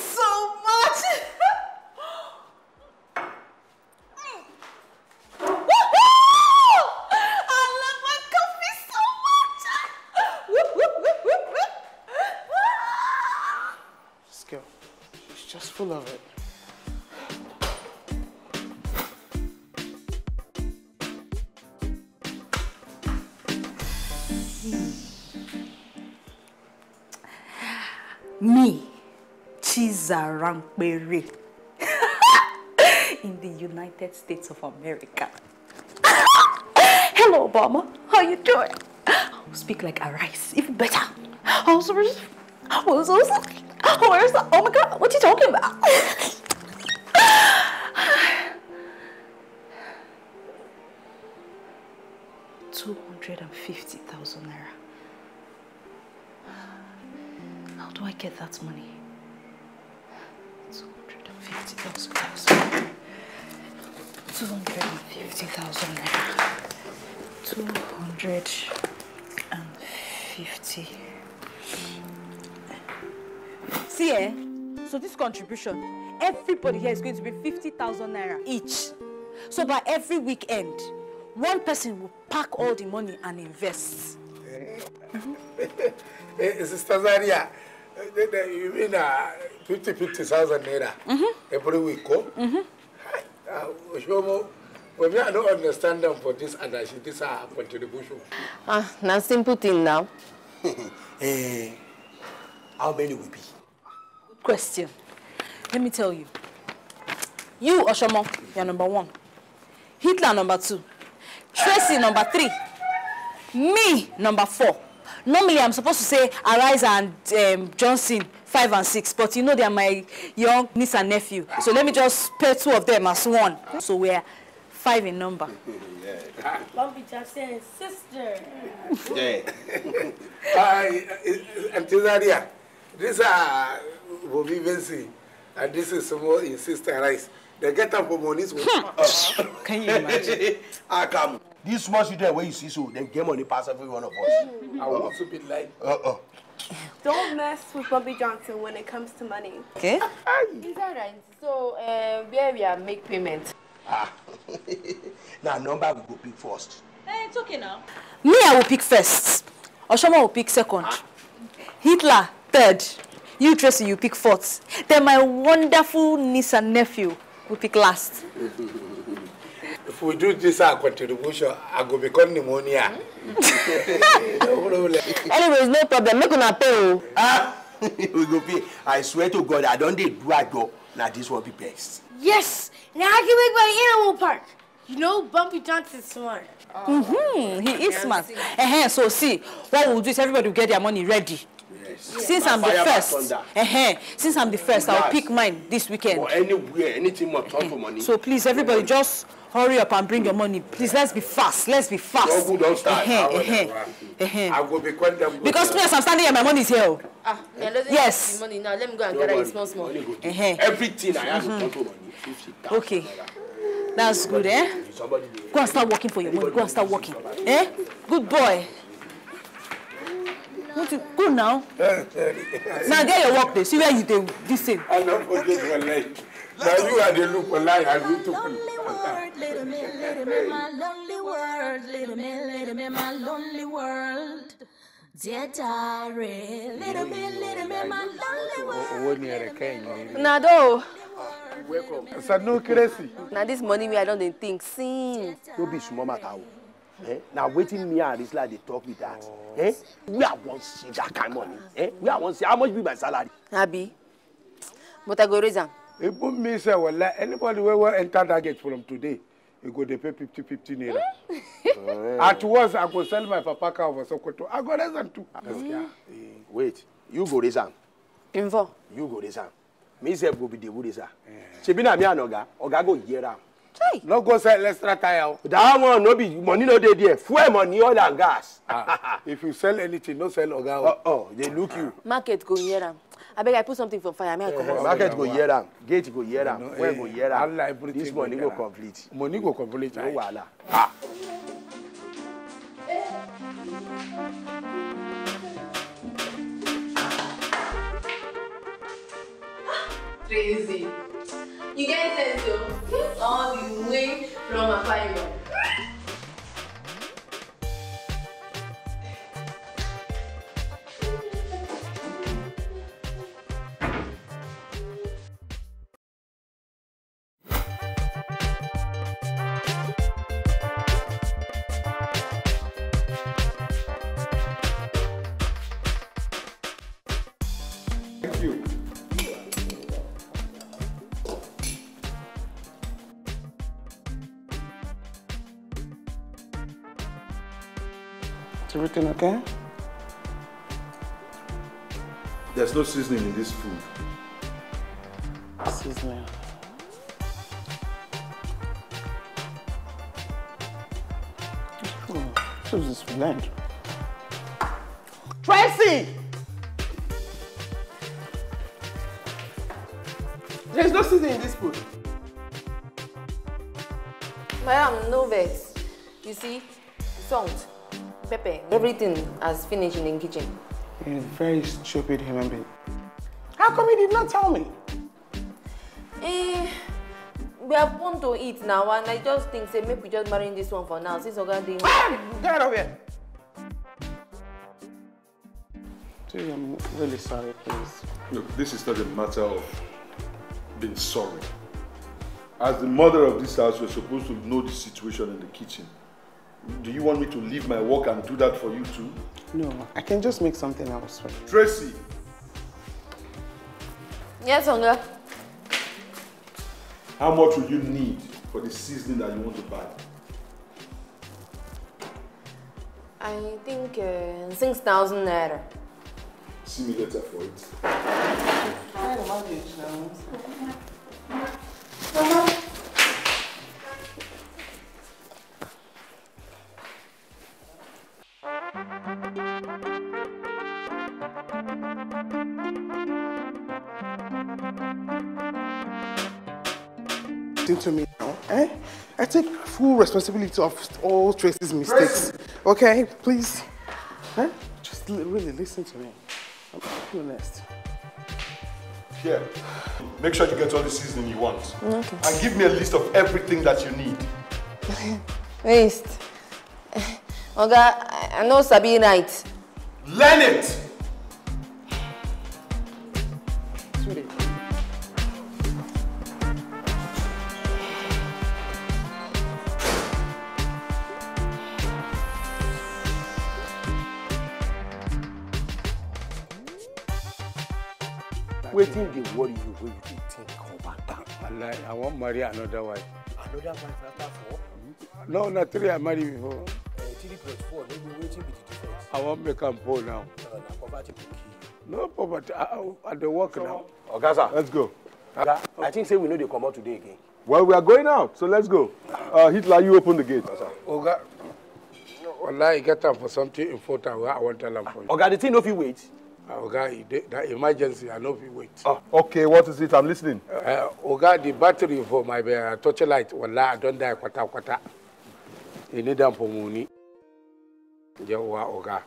Zarampere in the United States of America. Hello, Obama. How you doing? I'll speak like a rice, even better. How's sorry. Oh, sorry. Where's the, oh my God, what are you talking about? Two hundred and fifty thousand naira. How do I get that money? hundred and fifty. See, eh? So this contribution, everybody here is going to be 50,000 naira each. So by every weekend, one person will pack all the money and invest. Hey, mm-hmm. hey, Sister Zaria, eh, eh, eh, you mean uh, 50, 50,000 naira mm-hmm. every week, oh? Mm-hmm. Uh, Well, me, I don't understand them for this and I see this are uh, contribution. Ah, now simple thing now. eh, how many will be? Good question. Let me tell you. You, Oshomo, you're number one. Hitler, number two. Tracy, number three. Me, number four. Normally, I'm supposed to say Ariza and um, Johnson, five and six, but you know they're my young niece and nephew. So let me just pair two of them as one. So we're five in number. Bambi Jackson, sister. Yeah. Auntie Zaria, these are uh, Bobi and this is more in sister rice. They get up for money. Hmm. Can you imagine? I ah, come. This small children where you see so, they get money pass every one of us. I want to be like. Uh-uh. Don't mess with Bobby Johnson when it comes to money. Okay. Is that right? So, uh, where we are make payment. Ah. now number we go pick first. Eh, it's okay now. Me, I will pick first. Oshoma will pick second. Ah. Hitler, third. You, Tracy, you pick fourth. Then my wonderful niece and nephew will pick last. if we do this our contribution, I go become pneumonia. Hmm? Anyways, no problem. Make gonna pay. Oh. Ah, we go pay. I swear to God, I don't dey do I go. Now this will be best. Yes, Now I can make my animal park. You know Bumpy Johnson's smart. Oh. Mm-hmm. He is smart. Uh-huh. So see, what we'll do is everybody will get their money ready first. Since I'm the first, uh-huh. since I'm the first, I'll pick mine this weekend. Or anywhere, anything more time for money. So please, everybody, just hurry up and bring your money. Please, let's be fast. Let's be fast. Don't, don't start. Uh-huh, uh-huh, uh-huh. I will be quite them. Because please, I'm standing here, my money is here. Ah, yes. Money now. Let me go and gather it small, small. Uh-huh. Everything I have mm-hmm. control money. Fifty thousand. Okay. That's good, eh? Go and start working for your money. Go and start working, eh? Good boy you go now? now get your work there. See where you do this same. I no forget your life. Now you are the look for life and you took Lonely world, little me, little me, my lonely world, little me, little me, my lonely world. Dear diary, eh, little me, little me, my lonely world. Owó Welcome. ẹ̀rẹ̀ kẹ́yìn ni. Nado. Welcome. Sanu Kiresi. Na this morning wey I don dey think since. No be small matter o. Eh, Eh? Now waiting me and Risla they talk with that. Oh. Eh? We are one see that kind of money. Eh? We are one see how much be my salary. Abi, but I go raise am. E put me say wala anybody wey wan enter that gate from today, e go dey pay fifty fifty naira. Eh. At once I go sell my papa cow for Sokoto. I go raise am too. Gaskiya. Ah, eh, wait, you go raise am. Invo. You go raise am. Me sef go be the raise am. Eh. Shebi na me and oga, oga go hear am no go sell extra tire o. that one no be money no dey there fuel money oil and gas. ah if you sell anything no sell oga oh uh-uh, oh dey look you. market go hear am beg, i put something for fire make i comot. market go hear am gate go hear am well eh, go hear am this money go complete. money go complete. no wahala. ah. Crazy. You get sense, to All the way from Akwa Ibom. everything, okay? There's no seasoning in this food. Seasoning. Hmm, this is bland. Tracy! There's no seasoning in this food. Madam, no vex. You see, salt. Pepe, everything has finished in the kitchen. He's a very stupid human being. How come he did not tell me? Eh, we are one to eat now, and I just think, say, maybe we just marry this one for now, since Oga didn't... Get out of here! I'm really sorry, please. Look, this is not a matter of being sorry. As the mother of this house, you're supposed to know the situation in the kitchen. Do you want me to leave my work and do that for you too? No, I can just make something else for you. Tracy! Yes, Uncle. How much will you need for the seasoning that you want to buy? I think uh, 6,000 naira. See me later for it. Mama. to me now. Eh? I take full responsibility of all Tracy's mistakes. Tracy. Okay, please. Eh? Just really listen to me. I'm honest. Here, make sure you get all the seasoning you want. Okay. And give me a list of everything that you need. List. Oga, I know Sabi right. Learn it! Wetin dey worry you when you dey think about that? Wallahi, I wan marry another wife. Another wife after four? No, na three I marry before. Uh, three plus four, no be wetin be the difference? I wan make am poor now. No, na poverty go kill you. No poverty, I, I dey work now. Oga sir. Let's go. Oga, I think say we no dey comot today again. Well, we are going out, so let's go. Uh, Hitler, you open the gate. Oga, Oga, I get am for something important wey I wan tell am for you. Oga, the thing no fit wait. Ah, Oga, the, the emergency, I know we wait. Oh, okay, what is it? I'm listening. Uh, Oga, the battery for my uh, torchlight, wala, I don't die kwata kwata. You need them for money. Jehovah, Oga.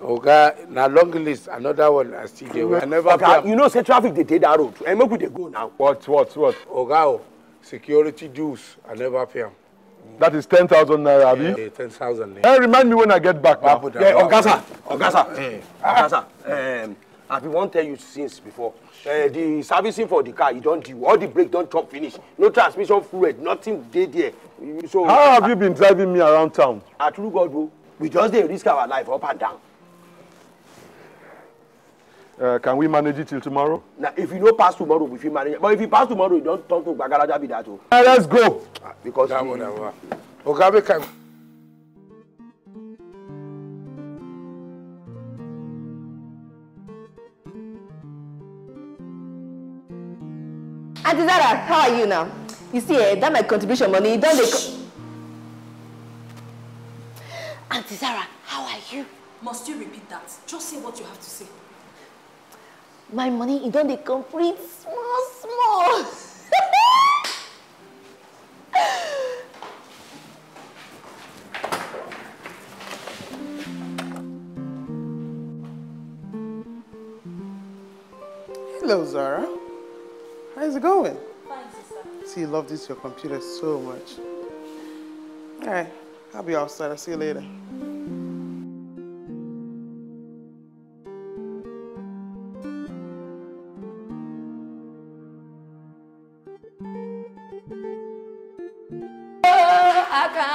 Oga, na long list, another one I still there. I never Oga, okay, you know, say traffic they take that road. I'm eh, make we dey go now. What, what, what? Oga, oh, security dues, I never pay am that is ten thousand naira abi. Yeah, ten thousand. Hey, remind me when I get back now. Yeah, Ogasa, Ogasa, eh, eh. Ogasa. Um, I been wan tell you since before. Uh, the servicing for the car you don't do all the brake don't chop finish no transmission fluid nothing dead there. so. how have you been driving me around town. aturu god o we just dey risk our life up and down. Uh, can we manage it till tomorrow? Now, if you don't pass tomorrow we can manage it but if you pass tomorrow you don't talk to gbagalaja be that o. Uh, let's go. Ah, because that one na wa oga Zara, how are you now? You see, eh, that my contribution money, Don't. don dey. Zara, how are you? Must you repeat that? Just say what you have to say. my money is don dey complete small small. Hello, Zara. How's it going? Fine, sister. See, you love this your computer so much. All right, I'll be outside. I'll see you later.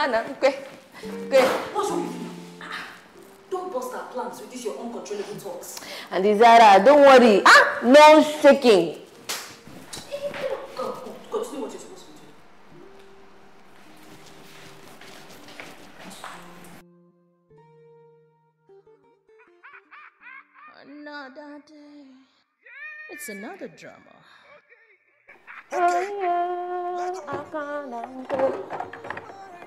Anna, Gwe, What's wrong with you? Don't bust our plans with this your uncontrollable talks. And Zara, don't worry. Ah, no shaking. It's another drama. Oh,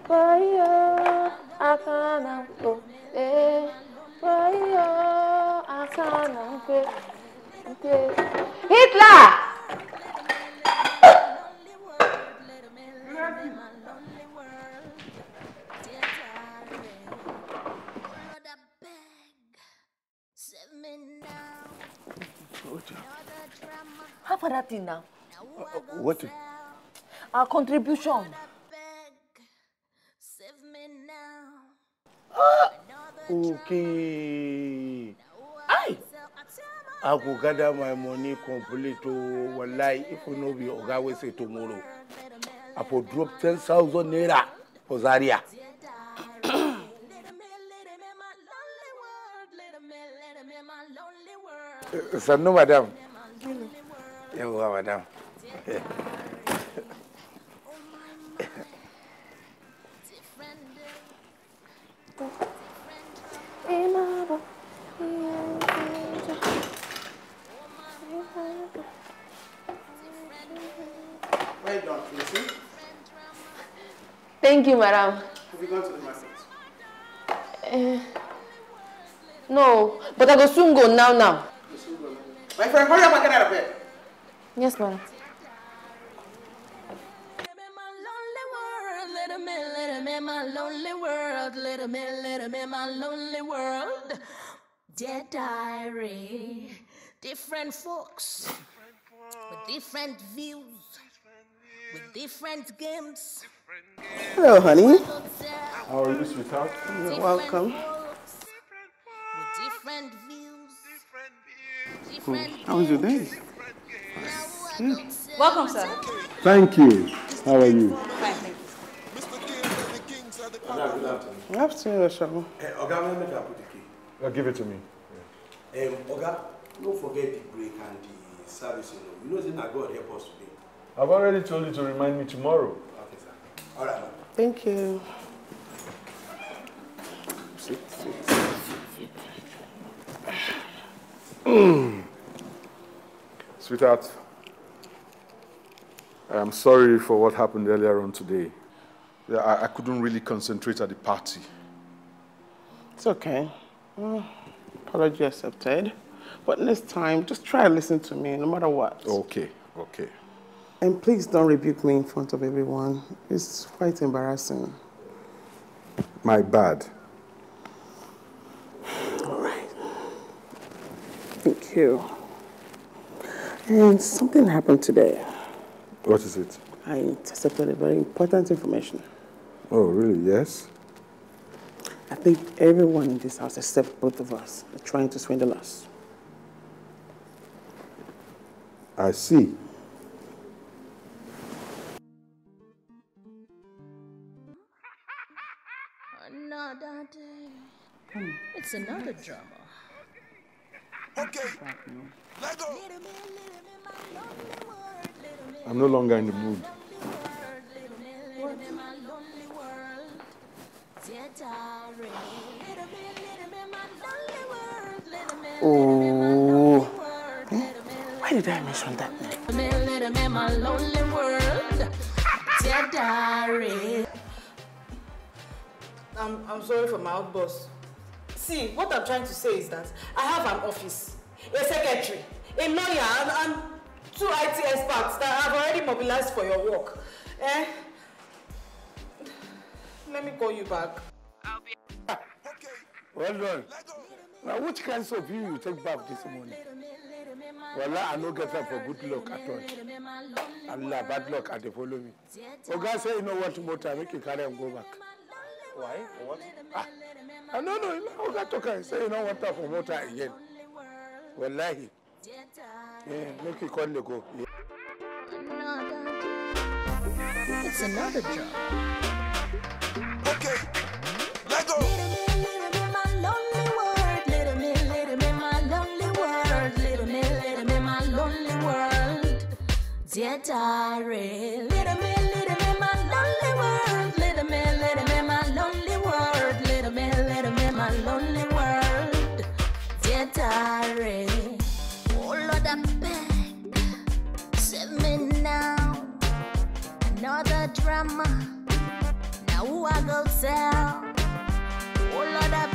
Wayo, akana mpo. a wayo, akana Hitler! Half of that thing now. Uh, uh, what? Our contribution. okay I. i will gather my money complete o wallahi if no be oga wey say tomorrow i will drop ten thousand naira for Zaria. sannu madam Yeah, madam Thank you, madam. Have you gone to the market? Uh, no, but I go soon go now, now. My friend, hurry up and get out of bed. Yes, madam. my lonely world, little me, little me, my lonely world. Dead diary, different folks, different folks. with different views, different with different games. Hello, honey. How are you, sweetheart? You're welcome. Folks, with different views, How was your day? Welcome, sir. Thank you. How are you? Fine. Yeah, good afternoon. Good afternoon, Oshago. Hey, eh, Oga, let me put the key. Uh, give it to me. Yeah. Um, Oga, don't forget the break and the service. You know, you know that God help us today. I've already told you to remind me tomorrow. Okay, sir. All right, ma'am. Thank you. Sit, sit, sit, sit. Sweetheart, I am sorry for what happened earlier on today. I, I couldn't really concentrate at the party. It's okay. Mm, apology accepted. But next time, just try and listen to me, no matter what. Okay, okay. And please don't rebuke me in front of everyone. It's quite embarrassing. My bad. All right. Thank you. And something happened today. What is it? I intercepted a very important information. Oh, really? Yes? I think everyone in this house, except both of us, are trying to swindle us. I see. Another day. Hmm. It's another drama. Okay. okay. Let go. I'm no longer in the mood. What? Oh, why did I mention that name? I'm, I'm sorry for my outburst. See, what I'm trying to say is that I have an office, a secretary, a lawyer, and, and two IT experts that I've already mobilized for your work. Eh? let me call you back. I'll be. okay. Well done. Now, which kinds of you you take back this morning? Well, I no get up for good luck at all. Allah, bad luck at the following. me. Oga say you know what more time, make you carry and go back. Why? What? Ah, ah no, no, Oga talk say you know what time for motor again. lie Yeah, eh, make you call the go. Yeah. It's another job go. Dear diary, little me, little me, my lonely world, little me, little me, my lonely world, little me, little me, my lonely world, dear diary. Oh Lord, I beg, save me now. Another drama, now who I go tell? Oh Lord, I